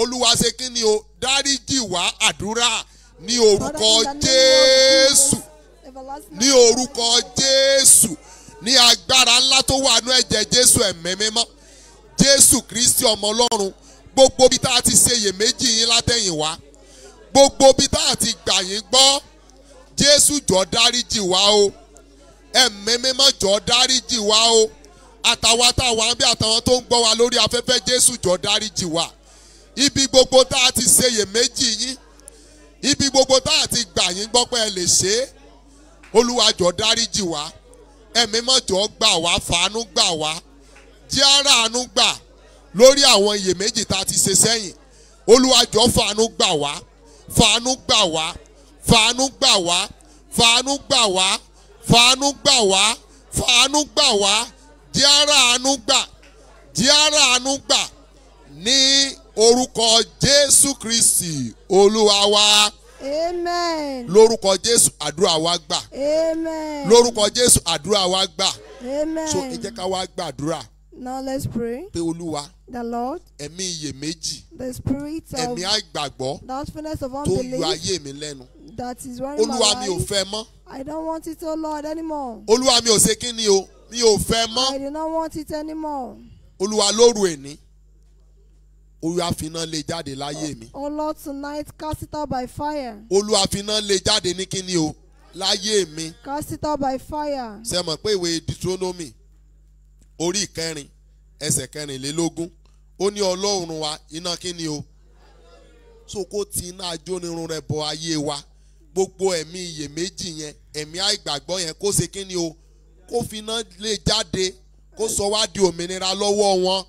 olúwa ṣe kí ni o dáríjì wá àdúrà ní orúkọ jésù ní orúkọ jésù ní agbára ńlá tó wà nú ẹ̀jẹ̀ jésù ẹ̀mí mímọ́ jésù kristi ọmọ ọlọ́run gbogbo ibi tá a ti ṣe iyèméjì yín látẹ̀yìn wá gbogbo bí tá a ti gbà yín gbọ́ jésù jọ dáríjì wá o ẹ̀mí mímọ́ jọ dáríjì wá o àtàwọn àtàwọn àbí àtàwọn tó ń gbọ́ wa lórí afẹ́fẹ́ jésù jọ dáríjì wá ibi gbogbo tá a ti ṣe iyèméjì yín ibi gbogbo tá a ti gbà yín gbọ́ pé ẹ lè ṣe é olúwa jọ dáríjì wá ẹ̀mí mímọ́ jọ gbà wá fàánú gbà wá jẹ́ àánú gbà lórí àwọn iyèméjì tá a ti ṣe sẹ́yìn olúwa jọ fàánú gbà wá fàánú gbà wá fàánú gbà wá fàánú gbà wá fàánú gbà wá fàánú gbà wá jẹ́ ara àánú gbà jẹ́ ara àánú gbà ní orúkọ Jésù Kristi Olúwa wa. Amen. lórúkọ Jésù àdúrà wa gbà. Amen. lórúkọ Jésù àdúrà wa gbà. Amen. so ẹ jẹ́ ká wá gbàdúrà. Now let's pray. Pé Olúwa. The Lord. Ẹ̀mí iyèméjì. The spirit of. Ẹ̀mí àìgbàgbọ́. The fullness of unbelief. Tó yọ ayé mi lẹ́nu. That is why my life. Olúwa mi ò fẹ́ mọ́. I don't want it, oh Lord, anymore. Olúwa mi ò ṣe kí ni o, mi ò fẹ́ mọ́. I do not want it anymore. Olúwa lóru èní. Olúwa finá jáde láyé mi. Oh Lord, tonight cast it out by fire. Olúwa finá jáde ní kí ni o, láyé mi. Cast it out by fire. Ṣé mọ̀ pé ìwé Deuteronomy orí ìkẹrin ẹsẹ̀ kẹrìnlélógún ó ní ọlọ́run wa iná kíni o so kó ti iná ajónirun rẹ bọ ayé wa gbogbo ẹ̀mí iyèméjì yẹn ẹ̀mí àìgbàgbọ́ yẹn kó ṣe kíni o kó finá lè jáde kó sọ wá di òmìnira lọ́wọ́ wọn.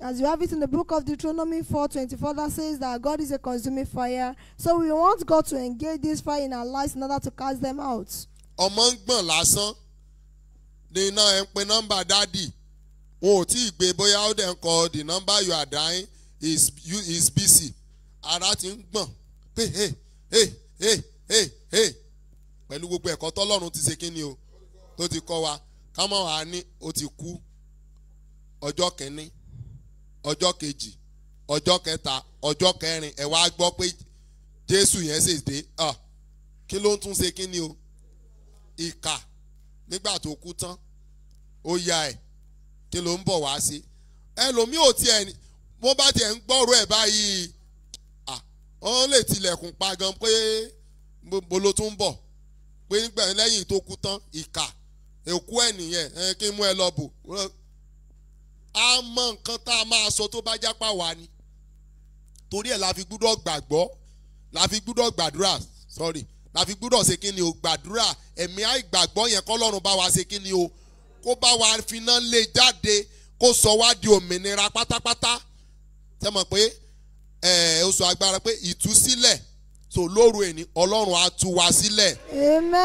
As you have it in the book of Deuteronomy 4:24, that says that God is a consuming fire. So we want God to engage this fire in our lives in order to cast them out ní iná ẹ̀ ń pe nọ́mbà dádì wọn ò tí ì gbé bóyá ó dẹ̀ ń kọ the number you are dying is you is busy ara ti ń gbọ̀n pé hey hey hey hey hey pẹ̀lú gbogbo ẹ̀kọ́ tọ́lọ́run ti ṣe kí ni o tó ti kọ́ wa ká mọ̀ wá ní o ti kú ọjọ́ kẹ́ni ọjọ́ kejì ọjọ́ kẹta ọjọ́ kẹrin ẹ wá gbọ́ pé Jésù yẹn sì dé ah, kí ló ń tún ṣe kí ni o ìkà nígbà tó kú tán ó yá ẹ̀ kí ló ń bọ̀ wá sí ẹlòmíì ò tiẹ̀ ní mo bá tiẹ̀ ń gbọ́rọ̀ ẹ̀ báyìí wọ́n lè tilẹ̀kùn pa gan pé mo ló tún bọ̀ pé nígbà lẹ́yìn tó kú tán ìkà èkú ẹ̀ nìyẹn kí mú ẹ lọ bò a mọ nǹkan tá a máa sọ tó bá jápá wa ni torí ẹ̀ la fi gbúdọ̀ gbàgbọ́ la fi gbúdọ̀ gbàdúrà sorry la fi gbúdọ̀ ṣe kí ni o gbàdúrà ẹ̀mí àìgbàgbọ́ yẹn kọ́ lọ́run bá wa ṣe kí ni o kó bá wa finá lé jáde kó sọ wá di òmìnira pátápátá tẹ́ mọ̀ pé ẹ̀ oṣù agbára pé ìtúsílẹ̀ tó lóru ẹni ọlọ́run á tú wa sílẹ̀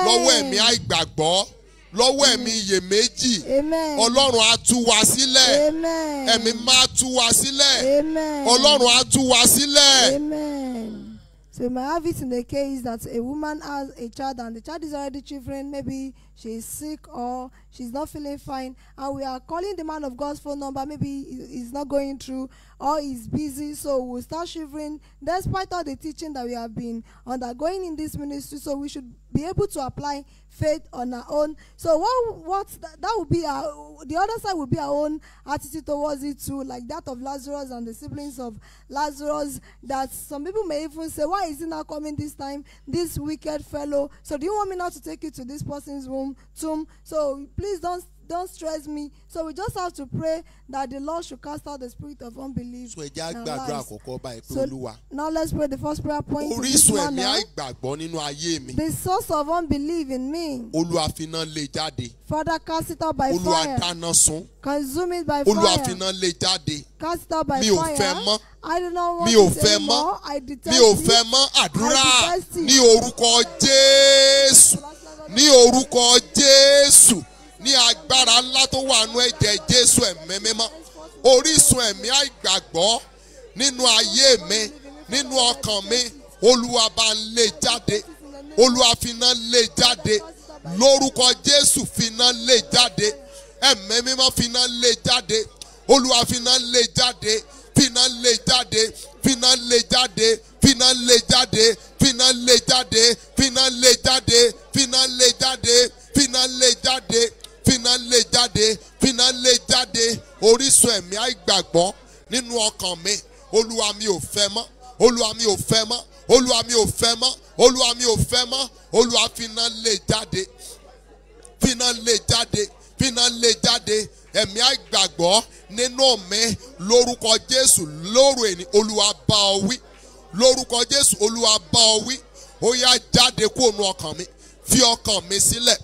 lọ́wọ́ ẹ̀mí àìgbàgbọ́ lọ́wọ́ ẹ̀mí iyèméjì ọlọ́run á tú wa sílẹ̀ ẹ̀mí máa tú wa sílẹ̀ ọlọ́run á tú wa sílẹ̀. So you might have it in the case that a woman has a child and the child is already children, maybe she's sick or she's not feeling fine, and we are calling the man of God's phone number, maybe he's not going through or he's busy, so we'll start shivering despite all the teaching that we have been undergoing in this ministry. So we should be able to apply faith on our own. So what what that, that would be our the other side would be our own attitude towards it too, like that of Lazarus and the siblings of Lazarus. That some people may even say, Why is he not coming this time? This wicked fellow. So do you want me not to take you to this person's room? tomb, So please don't don't stress me. So we just have to pray that the Lord should cast out the spirit of unbelief. So ẹja Now let's pray the first prayer point. The source of unbelief in me. Father cast it out by fire. Consume it by fire. Cast it out by fire. I do not want mi to say more. I detest it. Mi ò fẹ́ ní orúkọ Jésù ní orúkọ Jésù ní agbára ńlá tó wà nú ẹ̀jẹ̀ Jésù ẹ̀mí mímọ́ orísun ẹ̀mí àìgbàgbọ́ nínú ayé mi nínú ọkàn mi Olúwa bá ń lé jáde Olúwa finá lé jáde lórúkọ Jésù finá lé jáde ẹ̀mí mímọ́ finá lé jáde Olúwa finá lé jáde finá lé jáde finá lé jáde finá lé jáde finá lé jáde finá lé jáde finá lé jáde finá lé jáde finá lé jáde finá lé jáde orísun ẹ̀mí àìgbàgbọ́ nínú ọkàn mi olúwa mi ò fẹ́ mọ́ olúwa mi ò fẹ́ mọ́ olúwa mi ò fẹ́ mọ́ olúwa mi ò fẹ́ mọ́ olúwa finá lé jáde finá lé jáde finá lé jáde ẹ̀mí àìgbàgbọ́ nínú mi lórúkọ jésù lóru èní olúwa bá ọ wí lórúkọ jésù olúwa bá ọ wí ó yá jáde kó nu ọkàn mi fi ọkàn mi sílẹ̀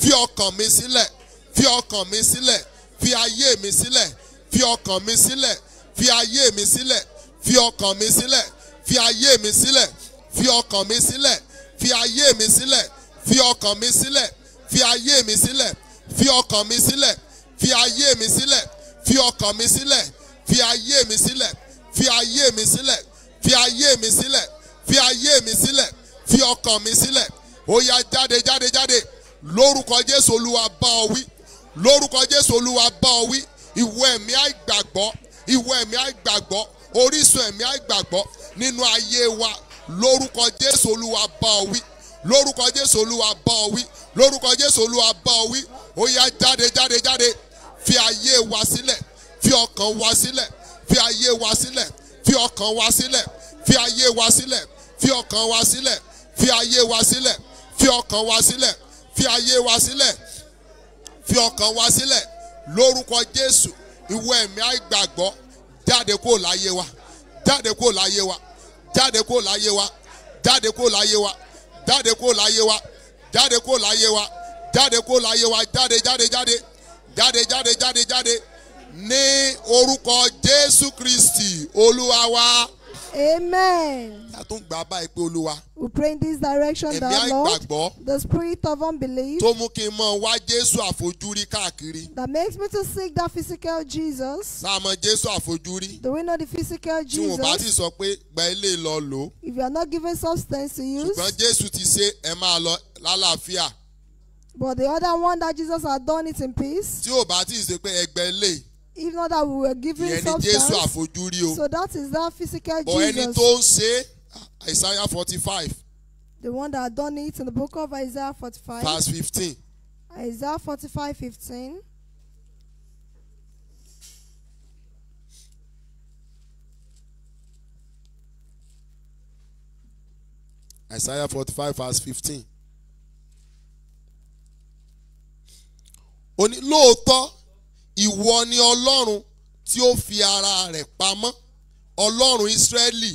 fi ọkàn mi sílẹ̀ fi ọkàn mi sílẹ̀ fi ayé mi sílẹ̀ fi ọkàn mi sílẹ̀ fi ayé mi sílẹ̀ fi ọkàn mi sílẹ̀ fi ayé mi sílẹ̀ fi ọkàn mi sílẹ̀ fi ayé mi sílẹ̀ fi ọkàn mi sílẹ̀ fi ayé mi sílẹ̀ fi ọkàn mi sílẹ̀ fi ayé mi sílẹ̀ fi ọkàn mi sílẹ̀ fi ayé mi sílẹ̀ fi ayé mi sílẹ̀ fi ayé mi sílẹ̀ fi ayé mi sílẹ̀ fi ọkàn mi sílẹ̀ ó yá jáde jáde jáde lórúkọ Jésù Olúwa bá ọ wí lórúkọ Jésù Olúwa bá ọ wí ìwọ ẹ̀mí àìgbàgbọ́ ìwọ ẹ̀mí àìgbàgbọ́ orísun ẹ̀mí àìgbàgbọ́ nínú ayé wa lórúkọ Jésù Olúwa bá ọ wí lórúkọ Jésù Olúwa bá ọ wí lórúkọ Jésù Olúwa bá ọ wí ó yá jáde jáde jáde fi ayé wa sílẹ̀ fi ọkàn wa sílẹ̀ fi ayé wa sílẹ̀ fi ọkàn wa sílẹ̀ fi ayé wa sílẹ̀ fi ọkàn wa sílẹ̀ fi ayé wa sílẹ̀ fi ọkàn wa sílẹ̀ fi ayé wa sílẹ̀ fi ọkàn wa sílẹ̀ lórúkọ Jésù ìwọ ẹ̀mí àìgbàgbọ́ jáde kó láyé wa jáde kó láyé wa jáde kó láyé wa jáde kó láyé wa jáde kó láyé wa jáde kó láyé wa jáde kó láyé wa jáde jáde jáde jáde jáde jáde jáde ní orúkọ Jésù Kristi Olúwa wa. Amen. Yàtọ̀ gbà báyìí pé Olúwa. We pray in this direction that Lord. Ẹ̀mí àìgbàgbọ́. The spirit of unbelief. Tó mú kí n mọ wá Jésù àfojúrí káàkiri. That makes me to seek that physical Jesus. Sàmọ Jésù àfojúrí. Do we know the physical Jesus? Tí wọ́n bá sì sọ pé gba ilé lọ lò. If you are not given substance to use. Ṣùgbọ́n Jésù ti ṣe ẹ máa lọ lálàáfíà. But the other one that Jesus had done it in peace. Tí ò bá tí ì ṣe pé ẹgbẹ́ ilé if not that we were given yeah, substance. so that is that physical but Jesus. but ẹni tó ń ṣe Isaiah forty-five. the one that done it in the book of Isaiah forty-five. verse fifteen. Isaiah forty-five fifteen. Isaiah 45 verse 15. Oni ní lóòótọ́ ìwọ ni ọlọ́run tí ó fi ara rẹ̀ pamọ́ ọlọ́run Ísírẹ́lì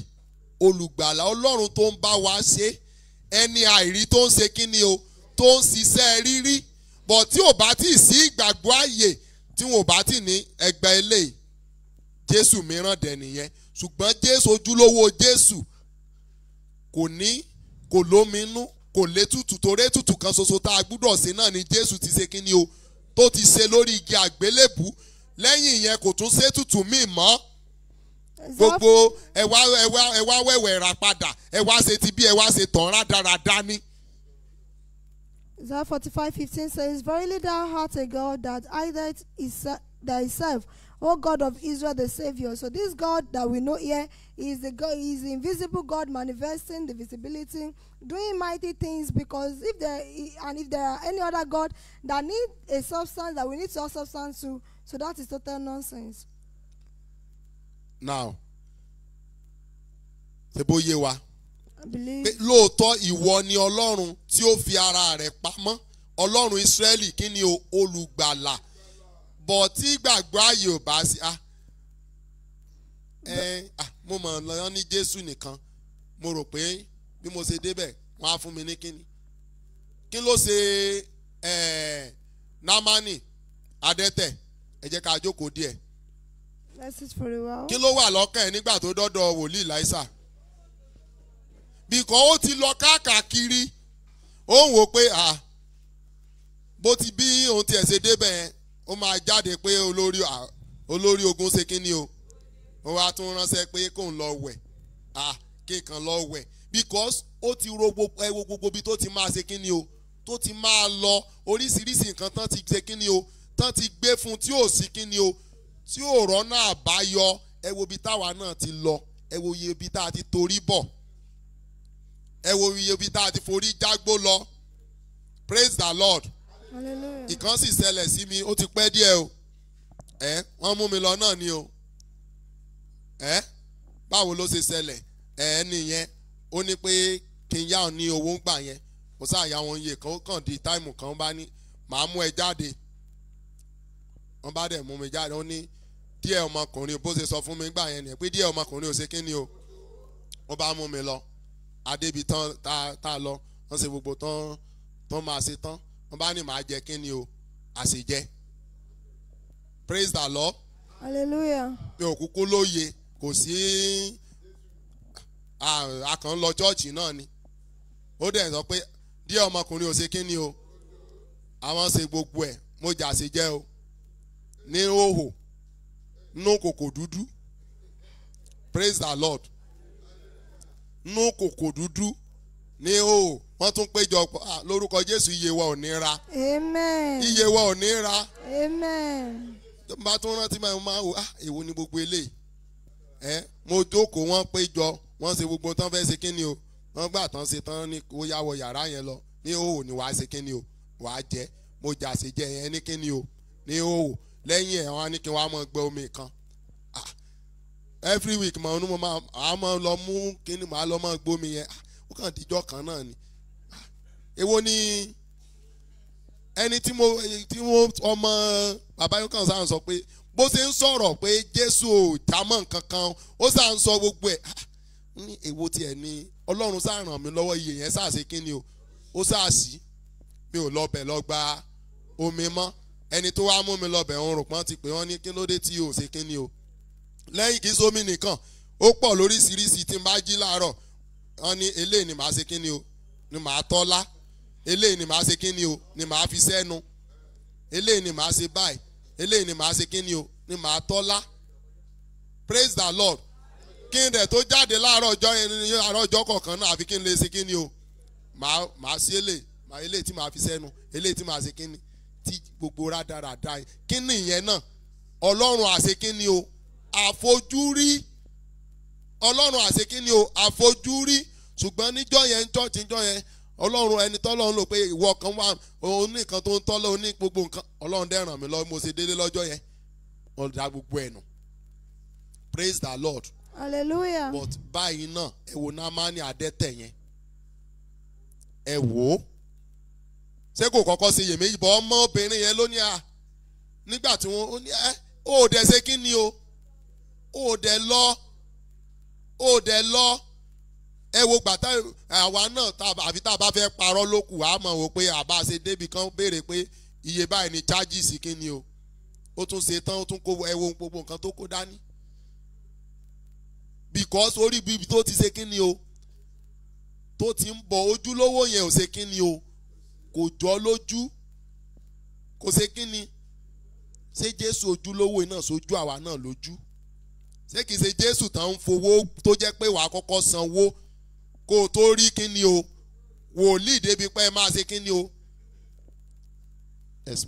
olùgbàlà ọlọ́run tó ń bá wa ṣe ẹni àìrí tó ń ṣe kíni o tó ń ṣiṣẹ́ rírí bọ̀ tí ò bá tí ì sí ìgbàgbọ́ àyè tí wọn ò bá tí ì ní ẹgbẹ́ eléyìí Jésù mìíràn dẹ̀ nìyẹn ṣùgbọ́n Jésù ojúlówó Jésù kò ní kò lóminú kò létùtù torí kan ṣoṣo tá a gbúdọ̀ sí náà ni Jésù ti ṣe kíni o tó ti ṣe lórí igi àgbélébù lẹ́yìn yẹn kò tún ṣètùtù míì mọ́ gbogbo ẹwà wẹ̀wẹ̀ rà padà ẹwà ṣe ti bí ẹwà ṣe tàn rádaràda ni. Isaiah forty five fifteen says, Verily thou art a God that hideth his, thyself O oh God of Israel, the Savior. So this God that we know here is the God, is the invisible God manifesting the visibility, doing mighty things. Because if there and if there are any other God that need a substance that we need to have substance to, so that is total nonsense. Now, ṣe bó yé wa lóòótọ́ ìwọ ni ọlọ́run tí ó fi ara rẹ̀ pamọ́ ọlọ́run Ísírẹ́lì kí ni olùgbàlà bọ̀ tí gbàgbọ́ ààyè ò bá sí a ah, eh, ah, mo mọ̀ lọ́yọ́ ní Jésù nìkan mo rò pé bí mo ṣe débẹ̀ wọ́n á fún mi ní kíni kí ló ṣe eh, námánì adẹ́tẹ̀ ẹ jẹ́ ká jókòó díẹ̀ kí ló wà lọ́kàn ẹ̀ nígbà tó dọ́dọ̀ wòlíì láìsà bìkọ́ ó ti lọ káàkiri ó ń wò pé ah, bó ti bí ohun tiẹ̀ ṣe débẹ̀ yẹn ó máa jáde pé olórí olórí ogun ṣe kí ni o ó wá tún ránṣẹ́ pé kò ń lọ wẹ̀ à kí lọ wẹ̀ because ó ti ro ẹwo gbogbo bí tó ti máa ṣe kí ni o tó ti máa lọ oríṣiríṣi nǹkan tán ti ṣe kí ni o tán ti gbé fún tí ò sí kí ni o tí ò rọ́nà àbáyọ ẹwo bí táwa náà ti lọ ẹwo iye bí tá a ti torí bọ̀ ẹwo iye bí tá a ti forí jágbó lọ praise the lord ìkan sì ṣẹlẹ̀ sí mi ó ti pẹ́ díẹ̀ o ẹ wọ́n mú mi lọ náà ni o ẹ báwo ló ṣe ṣẹlẹ̀ ẹ nìyẹn ó ní pé kí n yá ọ ní owó ń gbà yẹn kò sáàyà wọn iye kan ó kàn di táìmù kan bá ní màá mú ẹ jáde wọ́n bá dẹ̀ mú mi jáde ó ní díẹ̀ ọmọkùnrin bó ṣe sọ fún mi gbà yẹn nìyẹn pé díẹ̀ ọmọkùnrin ò ṣe kí ni o wọ́n bá mú mi lọ adébi tán tá a lọ wọ́n ṣe gbogbo tán tán máa ṣe tán wọ́n bá ní màá jẹ kí ni o àṣejẹ praise the lord hallelujah mi ò kúkú lóye kò sí akàn lọ chọ́ọ̀chì náà ni ó dẹ̀ sọ pé díẹ̀ ọmọkùnrin ò ṣe kí ni o àwọn ṣe gbogbo ẹ̀ mo jà ṣe jẹ́ o ní hòhò nú kòkò dúdú praise the lord nú kòkò dúdú ní hòhò wọ́n tún péjọ pọ̀ lórúkọ Jésù iye wa ò ní ra. Amen. iye wa ò ní ra. Amen. tó bá tún rántí máa máa wò ah èwo ni gbogbo eléyìí ẹ mo jókòó wọ́n péjọ wọ́n ṣe gbogbo tán fẹ́ ṣe kíni o wọ́n gbà tán ṣe tán ní kó yá wọ yàrá yẹn lọ ní òwò ni wàá ṣe kíni o wàá jẹ mo jà sí jẹ yẹn ní kíni o ní òwò lẹ́yìn ẹ̀ wọ́n kí wọ́n á mọ gbẹ omi kan every week mọ̀ ọ́nú mo máa lọ mú kíni màá lọ mọ́ gbómi yẹn ó kàn díjọ́ kan náà ni èwo ni ẹni tí mo tí mo ọmọ bàbá yóò kàn sáà ń sọ pé bó ṣe ń sọ̀rọ̀ pé jésù ò jámọ́ nǹkan ó sáà ń sọ gbogbo ẹ̀ ní èwo tiẹ̀ ni ọlọ́run sáà ràn mí lọ́wọ́ iye yẹn sáà ṣe kí ni o ó sáà sí mi ò lọ́bẹ̀ lọ gba omi mọ́ ẹni tó wá mú mi lọ́bẹ̀ òun rò pọ́n ti pè wọ́n ní kí ló dé tí o ṣe kí ni o lẹ́yìn kí sómi nìkan ó pọ̀ lóríṣiríṣi tí n bá jí láàárọ̀ wọ́n ní eléyìí ni màá ṣe kí ni o ni màá tọ́lá eléyìí ni màá ṣe kí ni o ni màá fi sẹ́nu eléyìí ni màá ṣe báyìí eléyìí ni màá ṣe kí ni o ni màá tọ́lá praise the lord kí n dẹ̀ tó jáde láàárọ̀ ọjọ́ àárọ̀ ọjọ́ kọ̀ọ̀kan náà àfi kí n lè ṣe kí ni o màá màá sí eléyìí màá eléyìí tí màá fi sẹ́nu eléyìí tí màá ṣe kí ni tí gbogbo rádaràda yìí kí ni ìyẹn náà ọlọ́run àṣe kí o àfojúrí ọlọ́run àṣe kí o àfojúrí ṣùgbọ́n níjọ́ yẹn ń jọ́ ọlọ́run ẹni tọ́lọ́run lò pé ìwọ kan wà òun ní tó ń tọ́lọ́ òun ní gbogbo nǹkan ọlọ́run dẹ̀ ràn lọ mo ṣe délé lọ́jọ́ yẹn wọ́n dá gbogbo ẹ̀ nù praise the lord hallelujah but báyìí náà ẹ wo námánì adẹ́tẹ̀ yẹn ẹ wò ó ṣé kò kọ́kọ́ ṣe iyèméjì bọ́ ọmọbìnrin yẹn ló à nígbà tí wọ́n ó ní ẹ ó dẹ̀ ṣe kí ni o ó dẹ̀ lọ ó dẹ̀ lọ ẹ wo gbàtà àwa náà àfi tá a bá fẹ́ parọ́ lókù a mọ̀ wò pé àbá ṣe débì kan béèrè pé iye báyìí ni charges kí ni o ó tún ṣe tán ó tún kó ẹ wo gbogbo nǹkan tó kó dání because orí ibi tó ti ṣe kí ni o tó ti ń bọ̀ ojúlówó yẹn ò ṣe kí ni o kò jọ lójú kò ṣe kí ni ṣé jésù ojúlówó náà sójú àwa náà lójú ṣé kìí ṣe jésù tán ń fowó tó jẹ́ pé wàá kọ́kọ́ sanwó kó tó rí kíni o wòlíì débi pé ẹ máa ṣe kíni o. Yes,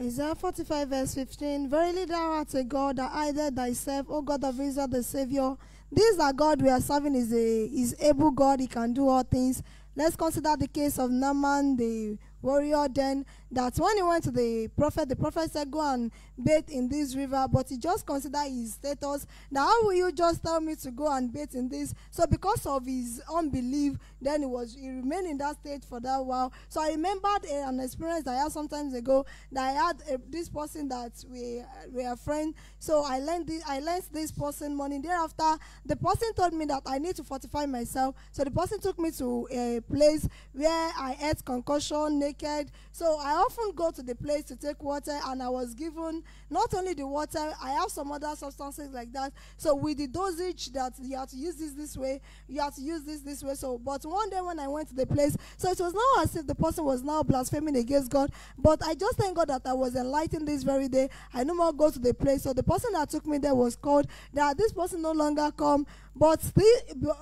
Isaiah 45, verse 15. Verily, thou art a God that hideth thyself, O God of Israel, the Savior. This that God we are serving is a is able God, he can do all things. Let's consider the case of Naaman the warrior then that when he went to the prophet, the prophet said, Go and bathe in this river, but he just considered his status. Now, how will you just tell me to go and bathe in this? So, because of his unbelief, then he was he remained in that state for that while. So, I remembered uh, an experience I had some time ago that I had uh, this person that we uh, we are friends. So, I lent this, I lent this person money. Thereafter, the person told me that I need to fortify myself. So, the person took me to a place where I had concussion, naked. So I often go to the place to take water, and I was given not only the water, I have some other substances like that. So with the dosage that you have to use this this way, you have to use this this way. So, but one day when I went to the place, so it was not as if the person was now blaspheming against God, but I just thank God that I was enlightened this very day. I no more go to the place. So the person that took me there was called that this person no longer come But still,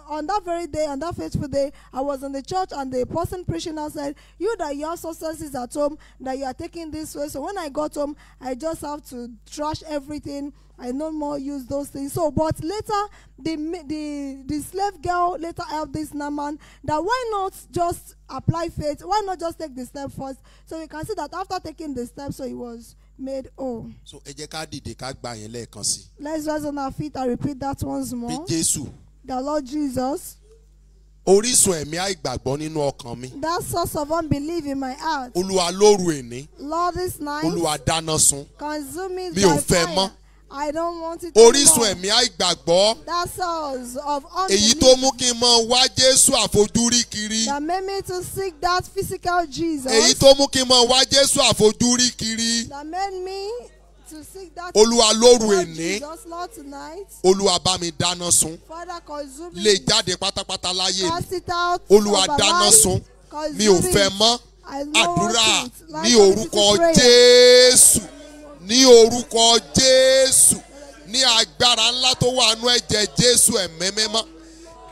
on that very day, on that fateful day, I was in the church and the person preaching now said, You that your success is at home, that you are taking this way. So when I got home, I just have to trash everything. I no more use those things. So, but later, the the the slave girl later helped this man that why not just apply faith? Why not just take the step first? So you can see that after taking the step, so he was made whole. so ẹ jẹ́ ká dìde ká gba yẹn lẹ́ẹ̀kan sí. let's rise on our feet and repeat that once more. bí Jésù. the Lord Jesus. Orísun ẹ̀mí àìgbàgbọ́ nínú ọkàn mi. That source of unbelief in my heart. Olúwa lóru èní. Lord this night. Olúwa dáná sun. Consume me fire. Mi ò fẹ́ mọ́. I don't want it. Orísun ẹ̀mí àìgbàgbọ́. That source of unbelief. Èyí tó mú kí n máa wá Jésù àfojúrí kiri. That made me to seek that physical Jesus. Èyí tó mú kí n máa wá Jésù àfojúrí kiri. That made me to seek that Olúwa lóru èní. Jesus not tonight. Olúwa bá mi dáná sun. Father consume me. Lè jáde pátápátá láyé mi. Cast it out my life. Olúwa dáná sun. Consume me. Mi ò fẹ́ mọ́. I know what it like. Àdúrà ní orúkọ Jésù ní orúkọ Jésù ní agbára ńlá tó wà nú ẹ̀jẹ̀ Jésù ẹ̀mí mímọ́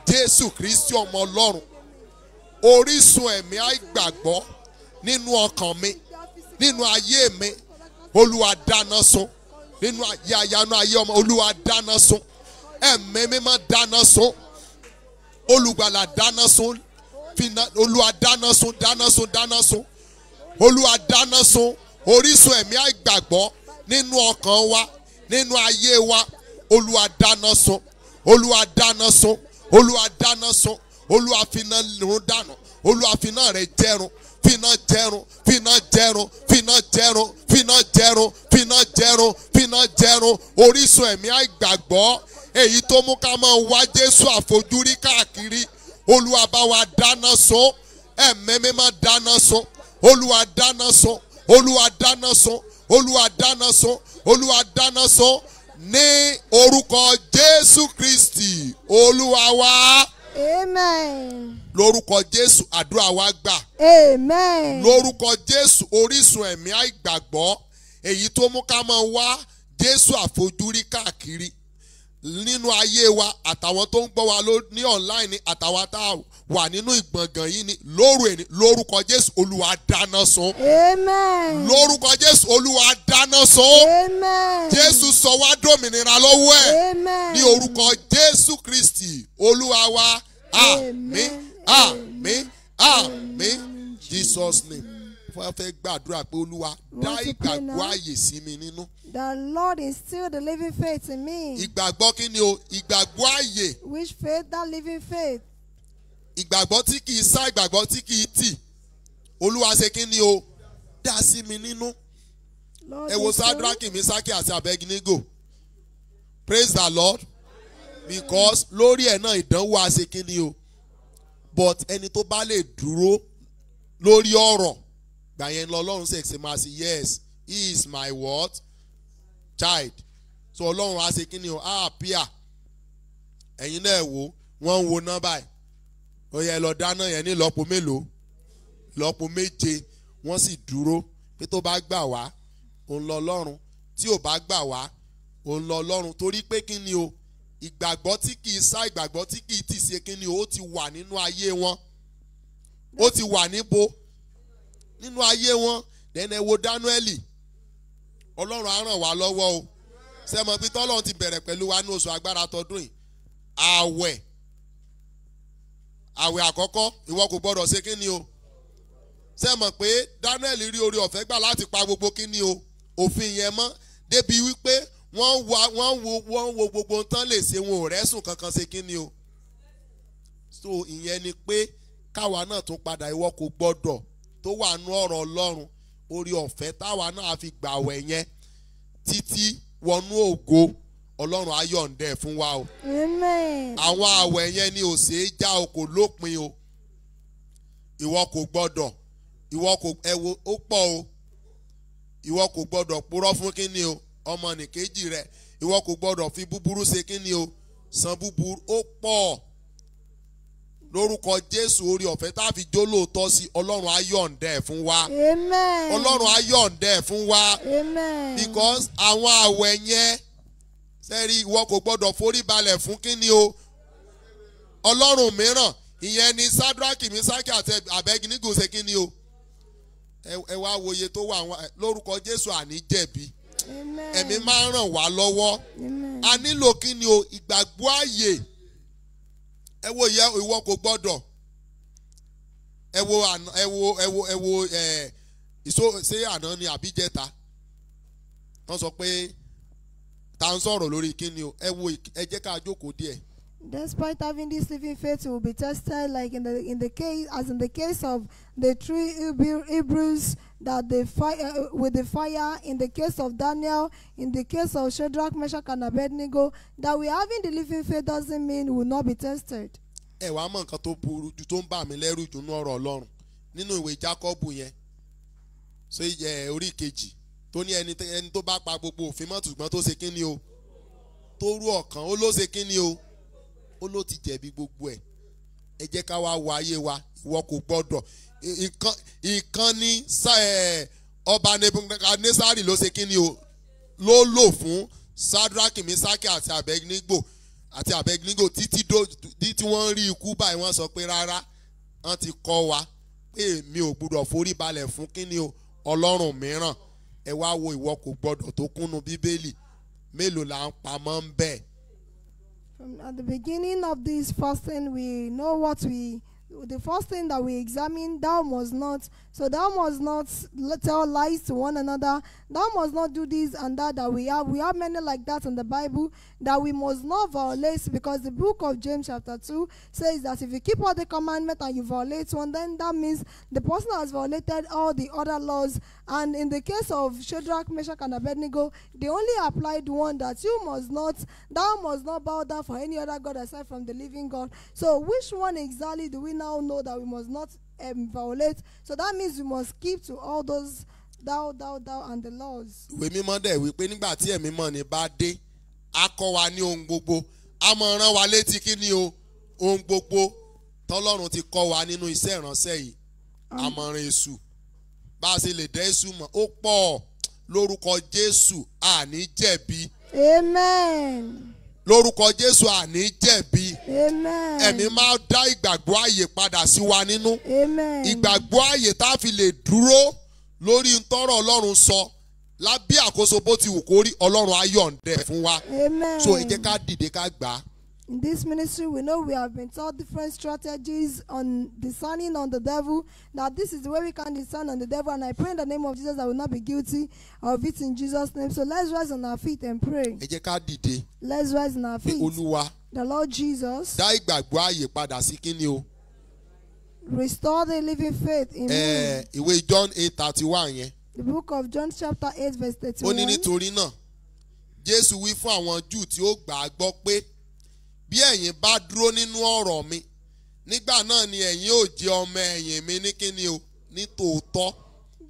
Jésù Kristi ọmọ Ọlọ́run orísun ẹ̀mí àìgbàgbọ́ nínú ọkàn mi nínú ayé mi Olúwa dáná sun nínú ayé ayanu ayé ọmọ Olúwa dáná sun ẹ̀mí mímọ́ dáná sun olùgbàlà dáná sun Olúwa dáná sun dáná sun dáná sun Olúwa dáná sun orísun ẹ̀mí àìgbàgbọ́ nínú ọkàn wa nínú ayé wa olúwa dáná sun olúwa dáná sun olúwa dáná sun olúwa finá run dànù olúwa finá rẹ jẹrun fina jẹrun fina jẹrun fina jẹrun finá jẹrun finá jẹrun finá jẹrun orísun ẹ̀mí àìgbàgbọ́ èyí tó mú ká máa wá jésù àfojúrí káàkiri olúwa bá wa dáná sun ẹ̀mí mímọ́ dáná sun olúwa dáná sun olúwa dáná sun olúwa dáná sun olúwa dáná sun ní orúkọ jésù kristi olúwa amen. lórúkọ jésù àdúrà wa gbà. amen. lórúkọ jésù orísun ẹ̀mí àìgbàgbọ́ èyí tó mú ká máa wá jésù àfojúrí káàkiri nínú ayé wa àtàwọn tó ń gbọ́ wa ní online àtàwọn tá a wà nínú ìgbọ̀ngàn yìí ni lóru èní lórúkọ jésù olúwa dáná sun. amen. lórúkọ jésù olúwa dáná sun. amen. jésù sọ wá dòmìnira lọ́wọ́ ẹ̀. amen. ní orúkọ jésù kristi olúwa wa àmín àmín àmín jesus name fẹ́ gbàdúrà pé olúwa dá ìgbàgbọ́ ààyè sí mi nínú. The Lord instilled the living faith in me. Ìgbàgbọ́ kí ni o? Ìgbàgbọ́ ààyè. Which faith that living faith? Ìgbàgbọ́ tí kì í sá ìgbàgbọ́ tí kì í tì. Olúwa ṣe kí ni o? Dá sí mi nínú. Ẹ wo Sádraki, misaki àti Abẹ́gínígò. Praise the Lord. Because lórí ẹ̀ náà ìdánwò àṣekínni o. But ẹni tó bá lè dúró lórí ọ̀rọ̀ gbàyẹn lọ́lọ́run ṣe ṣe máa ṣe yes he is my what child so ọlọ́run á ṣe kí ni o á pia." ẹ̀yin náà wò wọ́n ń wo nọ́mbà ẹ̀ ó yẹ lọ dáná yẹn ní lọ́pọ̀ mélòó lọ́pọ̀ méje wọ́n sì dúró pé tó bá gbà wá òun lọ lọ́run tí ò bá gbà wá òun lọ lọ́run torí pé kí ni o ìgbàgbọ́ tí kì í sá ìgbàgbọ́ tí kì í tì ṣe kí ni o ó ti wà nínú ayé wọn ó ti wà níbo nínú ayé wọn dẹ́nu wo Dáníẹ́lì ọlọ́run á ràn wá lọ́wọ́ o sẹ́mọ̀ pé tọ́lọ́run ti bẹ̀rẹ̀ pẹ̀lú wa ní oṣù agbára tọdún yìí àwẹ̀ àwẹ̀ àkọ́kọ́ ìwọ kò gbọ́dọ̀ ṣe kí ni o sẹ́mọ̀ pé Dáníẹ́lì rí orí ọ̀fẹ́ gbà láti pa gbogbo kí ni o òfin yẹn mọ́ débi wípé wọ́n wo wọ́n wo gbogbo tán lè ṣe wọn ò rẹ́sùn kankan ṣe kí ni o so ìyẹn ni pé káwa náà tún padà ìwọ kò gbọ́dọ̀ tó wà nú ọ̀rọ̀ ọlọ́run orí ọ̀fẹ́ táwa náà fi gbàwẹ̀ yẹn títí wọnú ògo ọlọ́run ayọ̀ǹdẹ̀ fún wa o. àwọn àwẹ̀ yẹn ni ò ṣe é já o kò lópin o ìwọ kò gbọ́dọ̀ ìwọ kò ẹ wo ó pọ̀ o ìwọ kò gbọ́dọ̀ purọ́ fún kínni o ọmọ nìkejì rẹ ìwọ kò gbọ́dọ̀ fi búburú ṣe kínni o san búburú ó pọ̀ lórúkọ jésù orí ọ̀fẹ́ tá a fi jó lóòótọ́ sí ọlọ́run ayọ̀ǹdẹ́ fún wa ọlọ́run ayọ̀ǹdẹ́ fún wa because àwọn àwẹ̀ yẹn sẹ́rí ìwọ kò gbọ́dọ̀ forí balẹ̀ fún kíni o ọlọ́run mìíràn ìyẹn ni sadraki misaki àti abeginigun ṣe kíni o ẹ wá wòye tó wà wọn lórúkọ jésù àní jẹ̀bi ẹ̀mí máa ń ràn wá lọ́wọ́ a nílò kíni o ìgbàgbọ́ àyè ẹ wo ìyá ìwọ kò gbọ́dọ̀ ẹ wo àná ẹ wo ẹ wo ẹ wo ẹ ìṣó ṣé àná ni àbí jẹta wọ́n sọ pé ta ń sọ̀rọ̀ lórí kíni o ẹ wo ẹ jẹ́ ká jókòó díẹ̀ Despite having this living faith, it will be tested, like in the in the case as in the case of the three Hebrews that the fire uh, with the fire. In the case of Daniel, in the case of Shadrach, Meshach, and Abednego, that we having the living faith doesn't mean we will not be tested. Ẹ wàá mọ nǹkan tó burú ju tó ń bà mí lẹ́rù jù nú ọ̀rọ̀ Ọlọ́run nínú ìwé Jákọ́bù yẹn so ẹ orí kejì tó ní ẹni tó bá pa gbogbo òfin mọ́tò ṣùgbọ́n tó ṣe kí ni o tó rú ọ̀kan ó ló ṣe kí ni o ó ló ti jẹ̀bi gbogbo ẹ̀ ẹ jẹ́ ká wá wo ayé wa ìwọ kò gbọ́dọ̀ ìkan ní ọba nebukadnesari ló ṣe kíni o ló lò fún sadraki misaki àti abegnigo àti abegnigo títí tí wọ́n rí ikú báyìí wọ́n sọ pé rárá wọ́n ti kọ́ wa pé èmi ò gbúdọ̀ forí balẹ̀ fún kíni o ọlọ́run mìíràn ẹ wá wo ìwọ kò gbọ́dọ̀ tó kúnnu bíbélì mélòó là ń pamọ́ ń bẹ́ẹ̀ at the beginning of this fasting, we know what we the first thing that we examine, thou must not. So thou must not tell lies to one another. Thou must not do this and that that we have. We have many like that in the Bible that we must not violate because the book of James chapter 2 says that if you keep all the commandment and you violate one, then that means the person has violated all the other laws And in the case of Shadrach, Meshach, and Abednego, they only applied one that you must not, thou must not bow down for any other God aside from the living God. So, which one exactly do we now know that we must not um, violate? So that means we must keep to all those thou, thou, thou, and the laws. Ìwé mímọ́ dẹ̀ wípé nígbà tí ẹ̀mí mọ́ ni bá dé, a kọ́ a mọ̀ rán wa létí kí ni o, ohun gbogbo tọ́lọ́run ti kọ́ wa nínú iṣẹ́ ìránṣẹ́ yìí, àmọ̀ràn èṣù bá a ṣe lè dẹ́ èṣù mọ̀ ó pọ̀ lórúkọ jésù àní jẹ̀bi. amen. lórúkọ jésù àní jẹ̀bi. amen. ẹ̀mí máa dá ìgbàgbọ́ ààyè padà sí wa nínú. amen. ìgbàgbọ́ ààyè tá a fi lè dúró lórí ntọ́rọ̀ ọlọ́run sọ lábí àkóso bó ti wù kó ọlọ́run á yọ̀ǹdẹ̀ fún wa. amen. so ẹ jẹ́ ká dìde ká gbà á in this ministry, we know we have been taught different strategies on discerning on the devil. That this is the way we can discern on the devil. And I pray in the name of Jesus, I will not be guilty of it in Jesus' name. So let's rise on our feet and pray. Let's rise on our feet. The Lord Jesus. Restore the living faith in me. Ìwé John eight thirty one The book of John chapter eight verse thirty one. Ó ní nítorí náà, Jésù wí fún àwọn Júù bí ẹ̀yin bá dúró nínú ọ̀rọ̀ mi nígbà náà ni ẹ̀yin ò jẹ́ ọmọ ẹ̀yìn mi ní kíni o ní tòótọ́.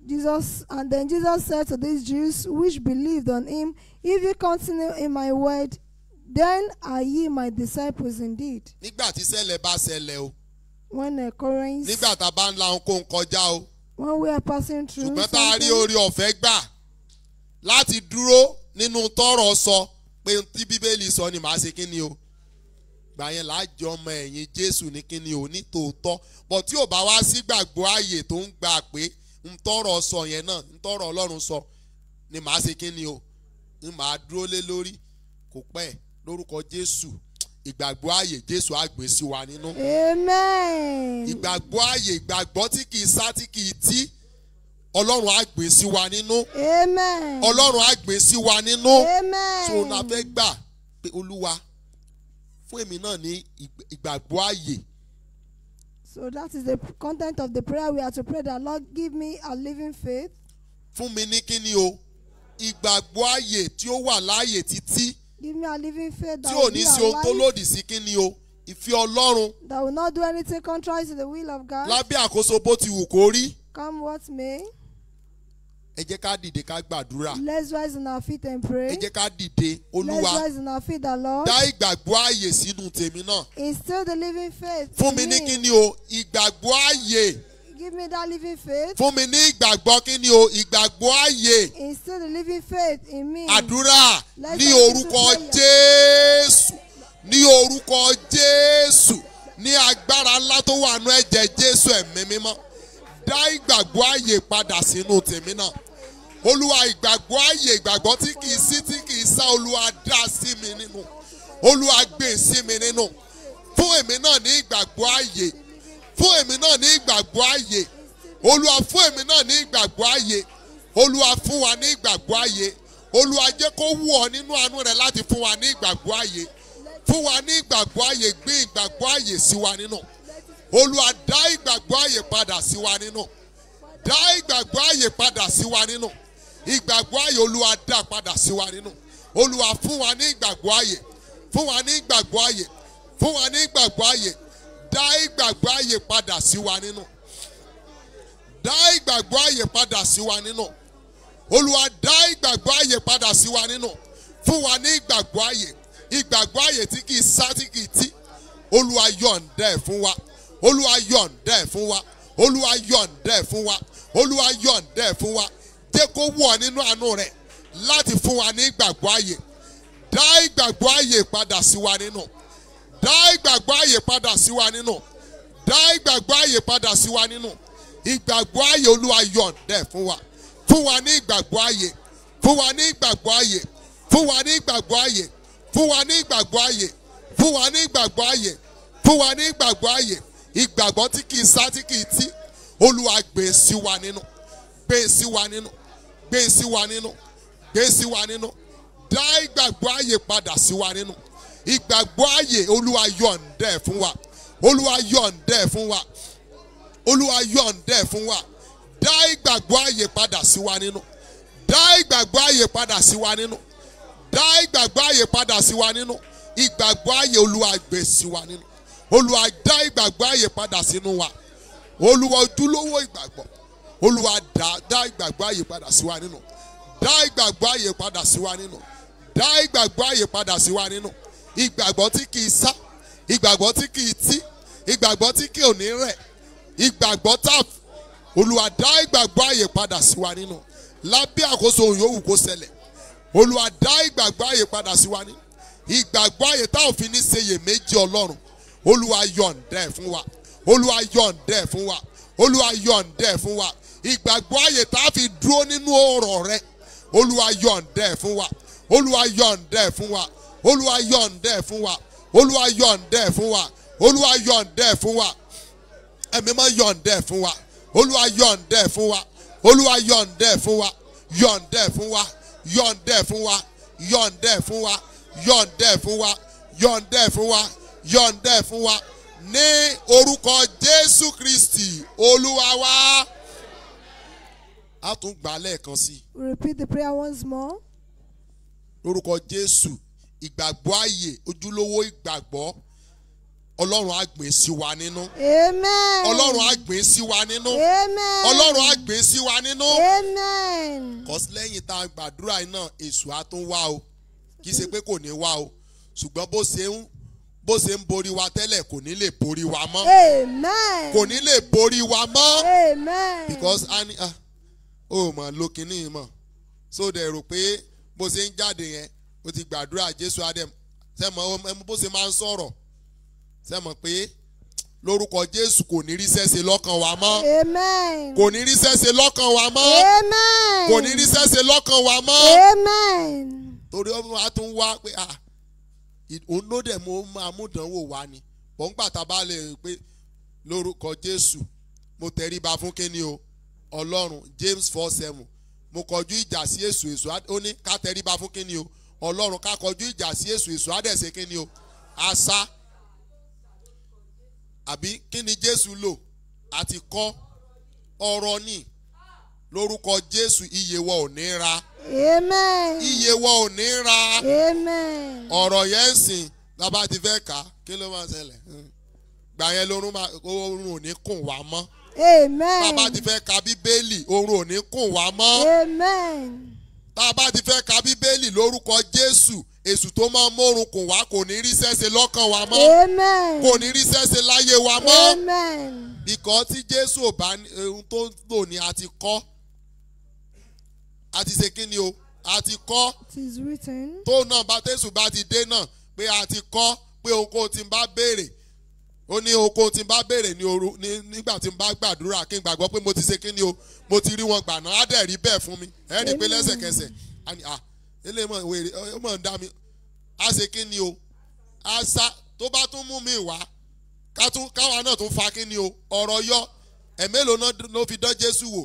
Jesus and then Jesus said to these Jews which believed on him, If you continue in my word, then are ye my disciples indeed. Nígbà tí ṣẹlẹ̀ bá ṣẹlẹ̀ o. When occurrence. Nígbà tá a bá ń la ohunkóhun kọjá o. When we are passing through. Ṣùgbọ́n tá a rí orí ọ̀fẹ́ gbà láti dúró nínú tọ́rọ̀ sọ pé tí Bíbélì sọ ni màá ṣe kí ni o ìgbà yẹn láàjọ ọmọ ẹ̀yìn jésù ní kíni òní tòótọ́ bọ̀ tí ò bá wá sí gbàgbọ́ ààyè tó ń gbà pé ń tọrọ sọ yẹn náà ń tọrọ ọlọ́run sọ ni màá ṣe kíni o ń màá dúró lé lórí kò pẹ́ lórúkọ jésù ìgbàgbọ́ ààyè jésù àgbè sí wa nínú. amen. ìgbàgbọ́ ààyè ìgbàgbọ́ tí kì í sá tí kì í tí ọlọ́run àgbè sí wa nínú. amen. ọlọ́run àgbè sí wa nínú. amen. tó o náà fẹ́ gbà pé olúwa fún èmi náà ní ìgbàgbọ́ ààyè. So that is the content of the prayer we are to pray that Lord give me a living faith. Fún mi ní kíni o, ìgbàgbọ́ ààyè tí ó wà láàyè títí. Give me a living faith that will be alive. Tí ò ní sí ohun tó lòdì sí kíni o, ìfẹ́ Ọlọ́run. That will not do anything contrary to the will of God. Lábẹ́ àkóso bó ti wù kó rí. Come what may ẹ jẹ́ ká dìde ká gbàdúrà. let's rise on our feet and pray. ẹ jẹ́ ká dìde olúwa. let's rise on our feet and lord. dá ìgbàgbọ́ ààyè sínú tèmi náà. instill the living faith. fún mi ní kí o ìgbàgbọ́ ààyè. Give me that living faith. Fún mi ní ìgbàgbọ́ kí o ìgbàgbọ́ ààyè. Instill the living faith in me. Àdúrà ní orúkọ Jésù ní orúkọ Jésù ní agbára ńlá tó wà nú ẹ̀jẹ̀ Jésù ẹ̀mí mímọ́ dá ìgbàgbọ́ ààyè padà sínú tèmi náà olúwa ìgbàgbọ́ ààyè ìgbàgbọ́ tí kì í sí tí kì í sá olúwa dá sí mi nínú olúwa gbé sí mi nínú fún èmi náà ní ìgbàgbọ́ ààyè fún èmi náà ní ìgbàgbọ́ ààyè olúwa fún èmi náà ní ìgbàgbọ́ ààyè olúwa fún wa ní ìgbàgbọ́ ààyè olúwa jẹ́ kó wù ọ́ nínú àánú rẹ̀ láti fún wa ní ìgbàgbọ́ ààyè fún wa ní ìgbàgbọ́ ààyè gbé ìgbàgbọ́ ààyè sí wa nínú olúwa dá ìgbàgbọ́ ààyè padà sí wa nínú dá ìgbàgbọ́ ààyè padà sí wa nínú ìgbàgbọ́ ààyè olúwa dá padà sí wa nínú olúwa fún wa ní ìgbàgbọ́ ààyè fún wa ní ìgbàgbọ́ ààyè fún wa ní ìgbàgbọ́ ààyè dá ìgbàgbọ́ ààyè padà sí wa nínú dá ìgbàgbọ́ ààyè padà sí wa nínú olúwa dá ìgbàgbọ́ ààyè padà sí wa nínú fún wa ní ìgbàgbọ́ ààyè ìgbàgbọ́ ààyè tí kì í sá tí kì í tí olúwa yọ̀ǹda ẹ̀ fún wa olúwa yọ̀ǹda ẹ̀ fún wa olúwa yọ̀ǹda ẹ̀ fún wa olúwa yọ̀ǹda ẹ̀ fún wa jẹ́ kó wọ̀ nínú àánú rẹ̀ láti fún wa ní ìgbàgbọ́ ààyè dá ìgbàgbọ́ ààyè padà sí wa nínú dá ìgbàgbọ́ ààyè padà sí wa nínú dá ìgbàgbọ́ ààyè padà sí wa nínú ìgbàgbọ́ ààyè olúwa yọ̀ǹdẹ̀ fún wa fún wa ní ìgbàgbọ́ ààyè fún wa ní ìgbàgbọ́ ààyè fún wa ní ìgbàgbọ́ ààyè fún wa ní ìgbàgbọ́ ààyè fún wa ní ìgbàgbọ́ ààyè fún wa ní ìgbàgbọ́ ààyè ìgbàgbọ́ tí kì í sá tí kì í tí olúwa gbé e sí wa nínú gbé e sí wa nínú gbé sí wa nínú gbé sí wa nínú dá ìgbàgbọ́ ààyè padà sí wa nínú ìgbàgbọ́ ààyè olúwa yọ̀ǹdẹ̀ fún wa olúwa yọ̀ǹdẹ̀ fún wa olúwa yọ̀ǹdẹ̀ fún wa dá ìgbàgbọ́ ààyè padà sí wa nínú dá ìgbàgbọ́ ààyè padà sí wa nínú dá ìgbàgbọ́ ààyè padà sí wa nínú ìgbàgbọ́ ààyè olúwa gbé sí wa nínú olúwa dá ìgbàgbọ́ ààyè padà sínú wa olúwa ojúlówó ìgbàgbọ́ olúwa dá ìgbàgbọ́ ààyè padà sí wa nínú dá ìgbàgbọ́ ààyè padà sí wa nínú dá ìgbàgbọ́ ààyè padà sí wa nínú ìgbàgbọ́ tí kì í sá ìgbàgbọ́ tí kì í tí ìgbàgbọ́ tí kì ò ní rẹ̀ ìgbàgbọ́ tàf olúwa dá ìgbàgbọ́ ààyè padà sí wa nínú lábẹ́ àkóso òun yòówù kó ṣẹlẹ̀ olúwa dá ìgbàgbọ́ ààyè padà sí wa nínú ìgbàgbọ́ ààyè tá ò fi ní ṣe iyèméjì ọlọ́run olúwa yọ̀ǹdẹ̀ fún wa olúwa yọ̀ǹdẹ̀ fún wa olúwa yọ̀ǹdẹ̀ fún wa ìgbàgbọ́ àyè tá a fi dúró nínú ọ̀rọ̀ rẹ olúwa yọ̀ǹdẹ̀ fún wa olúwa yọ̀ǹdẹ̀ fún wa olúwa yọ̀ǹdẹ̀ fún wa olúwa yọ̀ǹdẹ̀ fún wa olúwa yọ̀ǹdẹ̀ fún wa ẹ̀mí mọ́ yọ̀ǹdẹ̀ fún wa olúwa yọ̀ǹdẹ̀ fún wa olúwa yọ̀ǹdẹ̀ fún wa yọ̀ǹdẹ̀ fún wa yọ̀ǹdẹ̀ fún wa yọ̀ǹdẹ̀ fún wa yọ̀ǹdẹ̀ fún wa yọ̀ǹdẹ̀ fún wa yọ̀ǹdẹ̀ fún wa ní orúkọ Jésù Kristi olúwa wa a tún gbà lẹ́ẹ̀kan sí. repeat the prayer once more. lórúkọ jésù ìgbàgbọ́ ààyè ojúlówó ìgbàgbọ́ ọlọ́run á gbìn sí wa nínú. amen. ọlọ́run á gbìn sí wa nínú. amen. ọlọ́run á gbìn sí wa nínú. amen. kọ́sílẹ́yìn tá a gbàdúrà náà èṣù á tún wá o kì í ṣe pé kò ní wá o ṣùgbọ́n bó ṣe ń bó ṣe ń borí wa tẹ́lẹ̀ kò ní lè borí wa mọ́. amen. kò ní lè borí wa mọ́. amen. because Ani ah. Uh, o mọ̀ lo kínní mọ̀ so dẹ̀ rò pé bó ṣe ń jáde yẹn o ti gbàdúrà Jésù adem sẹ́mọ̀ bó ṣe máa ń sọ̀rọ̀ sẹ́mọ̀ pé lórúkọ jésù kò ní rí sẹ́sẹ̀ lọ́kàn wa mọ́ àmín kò ní rí sẹ́sẹ̀ lọ́kàn wa mọ́ àmín kò ní rí sẹ́sẹ̀ lọ́kàn wa mọ́ àmín torí ọmọ wa tún wá pé ah, òun ló dẹ̀ mo máa mú ìdánwò wá ni bọ́ńgbà tá a bá lè pé lórúkọ jésù mo tẹríba fún kíni o ọlọ́run James four seven mo kọjú ìjà sí èṣù èṣù ó ní ká tẹríba fún kíni o ọlọ́run ká kọjú ìjà sí èṣù èṣù àdẹ̀sẹ̀ kíni o àṣà àbí kíni Jésù lò àti kọ́ ọ̀rọ̀ ni lórúkọ Jésù iye wa ò ní ra iye wa ò ní ra amen ọ̀rọ̀ yẹn sìn lábàá ti fẹ́ kà kí ló máa ṣẹlẹ̀ gbà yẹn lórun ò ní kùn wá mọ́ amen. tá a bá ti fẹ́ ka bíbélì oorun ò ní kùn wá mọ́. amen. tá a bá ti fẹ́ ka bíbélì lórúkọ jésù èṣù tó máa mórun kùn wá kò ní rí sẹ́sẹ̀ lọ́kàn wa mọ́. amen. kò ní rí sẹ́sẹ̀ láyé wa mọ́. amen. ìkọ́ tí jésù ò bá ohun tó lò ní a ti kọ́ a ti ṣe kí ni o a ti kọ́. it is written. tó náà bá tẹ̀sùn bá ti dé náà pé a ti kọ́ pé ohunkóhun tí ń bá béèrè ó ní oko tí n bá béèrè ní òru nígbà tí n bá gbàdúrà kí n gbàgbọ́ pé mo ti ṣe kí ni o mo ti rí wọn gbà náà á dẹ̀ rí bẹ́ẹ̀ fún mi ẹ̀ rí pé lẹ́sẹ̀kẹsẹ̀ á ní à ilé mọ̀ wèrè ó mọ̀ ń dá mi á ṣe kí ni o á sá tó bá tún mú mi wá káwa náà tún fa kí ni o ọ̀rọ̀ yọ ẹ̀mélòó náà ló fi dán Jésù wò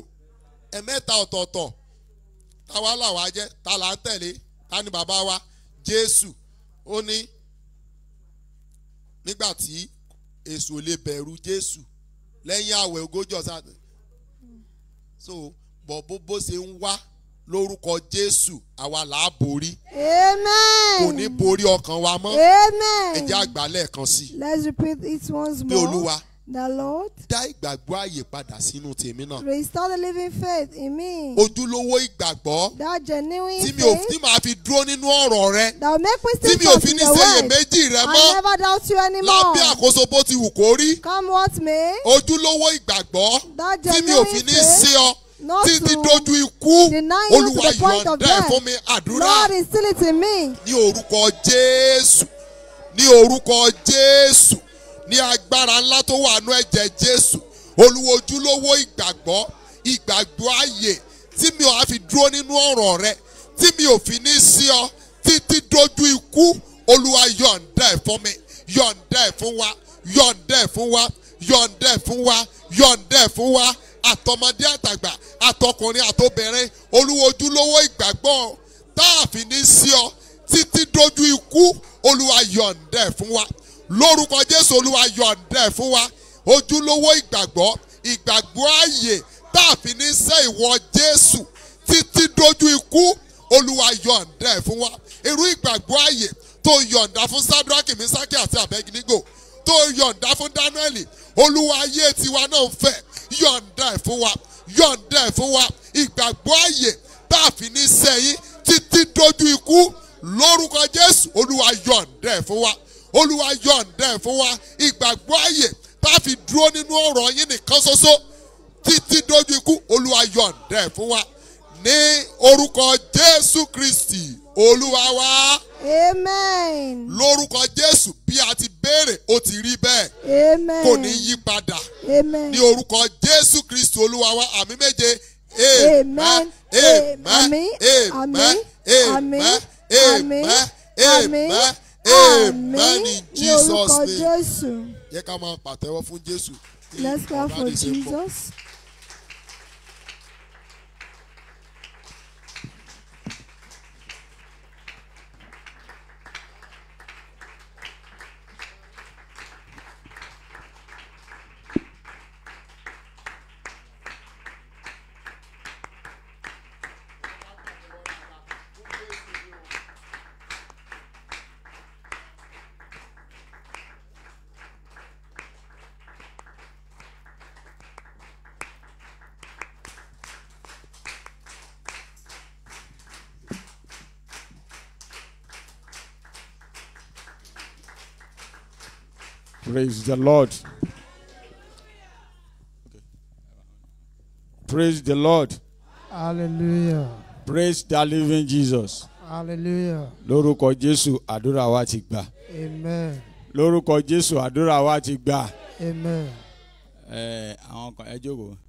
ẹ̀mẹ́ta ọ̀tọ̀ọ̀tọ̀ táwa làwa jẹ́ ta là ń tẹ̀lé ta ni bàbá wa Jésù ó ní nígbà tí èṣù ò lè bẹ̀rù jésù lẹ́yìn àwẹ̀ ogójì ọ̀sán so bọ̀ bó bó ṣe ń wá lórúkọ jésù àwa là á borí. amen. kò ní borí ọkàn wa mọ́. amen. ẹ jẹ́ àgbà lẹ́ẹ̀kan sí let's repeat it once more. pé olúwa. The Lord. Dá ìgbàgbọ́ àyè padà sínú tèmi náà. Restore the living faith in me. Ojúlówó ìgbàgbọ́. That genuine faith. Tí mi ò tí màá fi dúró nínú ọ̀rọ̀ rẹ. That will make me still trust in your word. Tí mi ò fi ní sẹ́yìn méjì rẹ mọ́. I never doubt you anymore. Lábẹ́ àkóso bó ti wù kó rí. Come what may. Ojúlówó ìgbàgbọ́. That genuine faith. Tí mi ò fi ní sí ọ títí dojú ikú olúwa yọ̀ǹda ẹ̀ fún mi àdúrà ní orúkọ jésù ní orúkọ jésù ní agbára ńlá tó wà nú ẹ̀jẹ̀ Jésù Olúwa ojúlówó ìgbàgbọ́ ìgbàgbọ́ ààyè tí mi ò á fi dúró nínú ọ̀rọ̀ rẹ tí mi ò fi ní sí ọ títí dojú ikú Olúwa yọ̀ǹda ẹ̀ fún mi yọ̀ǹda ẹ̀ fún wa yọ̀ǹda ẹ̀ fún wa yọ̀ǹda ẹ̀ fún wa yọ̀ǹda ẹ̀ fún wa àtọmọdé àtàgbà àtọkùnrin àtobìnrin Olúwa ojúlówó ìgbàgbọ́ tá a fi ní sí ọ títí dojú ikú Olúwa yọ̀ǹda ẹ̀ fún wa lórúkọ jésù olúwa yọ̀ǹda ẹ̀ fún wa ojúlówó ìgbàgbọ́ ìgbàgbọ́ ààyè tá a fi ní sẹ́ ìwọ jésù títí dojú ikú olúwa yọ̀ǹda ẹ̀ fún wa irú ìgbàgbọ́ ààyè tó yọ̀ǹda fún sadraki misaki àti abeginigo tó yọ̀ǹda fún daniel olúwa ayé tiwa náà ń fẹ́ yọ̀ǹda ẹ̀ fún wa yọ̀ǹda ẹ̀ fún wa ìgbàgbọ́ ààyè tá a fi ní sẹ́yìn títí dojú ikú lórúkọ jésù olúwa yọ̀ǹda ẹ̀ fún wa olúwa yọ̀ǹda ẹ̀ fún wa ìgbàgbọ́ ààyè tá a fi dúró nínú ọ̀rọ̀ yín nìkan ṣoṣo títí dójú ikú olúwa yọ̀ǹda ẹ̀ fún wa ní orúkọ jésù kristi olúwa wa. amen. lórúkọ jésù bí a ti béèrè ó ti rí bẹ́ẹ̀. amen. kò ní yí padà. amen. ní orúkọ jésù kristi olúwa wa àmì méje. amen. amen. amen. amen. amen. amen. amen. amen. amen. amen. Amen in Jesus' name. Jẹ́ Let's clap for Jesus. Simple. Praise the Lord. Praise the Lord. Hallelujah. Praise the living Jesus. Hallelujah. Lórúkọ Jésù àdúrà wa ti gbà. Amen. Lórúkọ Jésù àdúrà wa ti gbà. Amen. Ẹ eh, àwọn kan ẹ jókòó.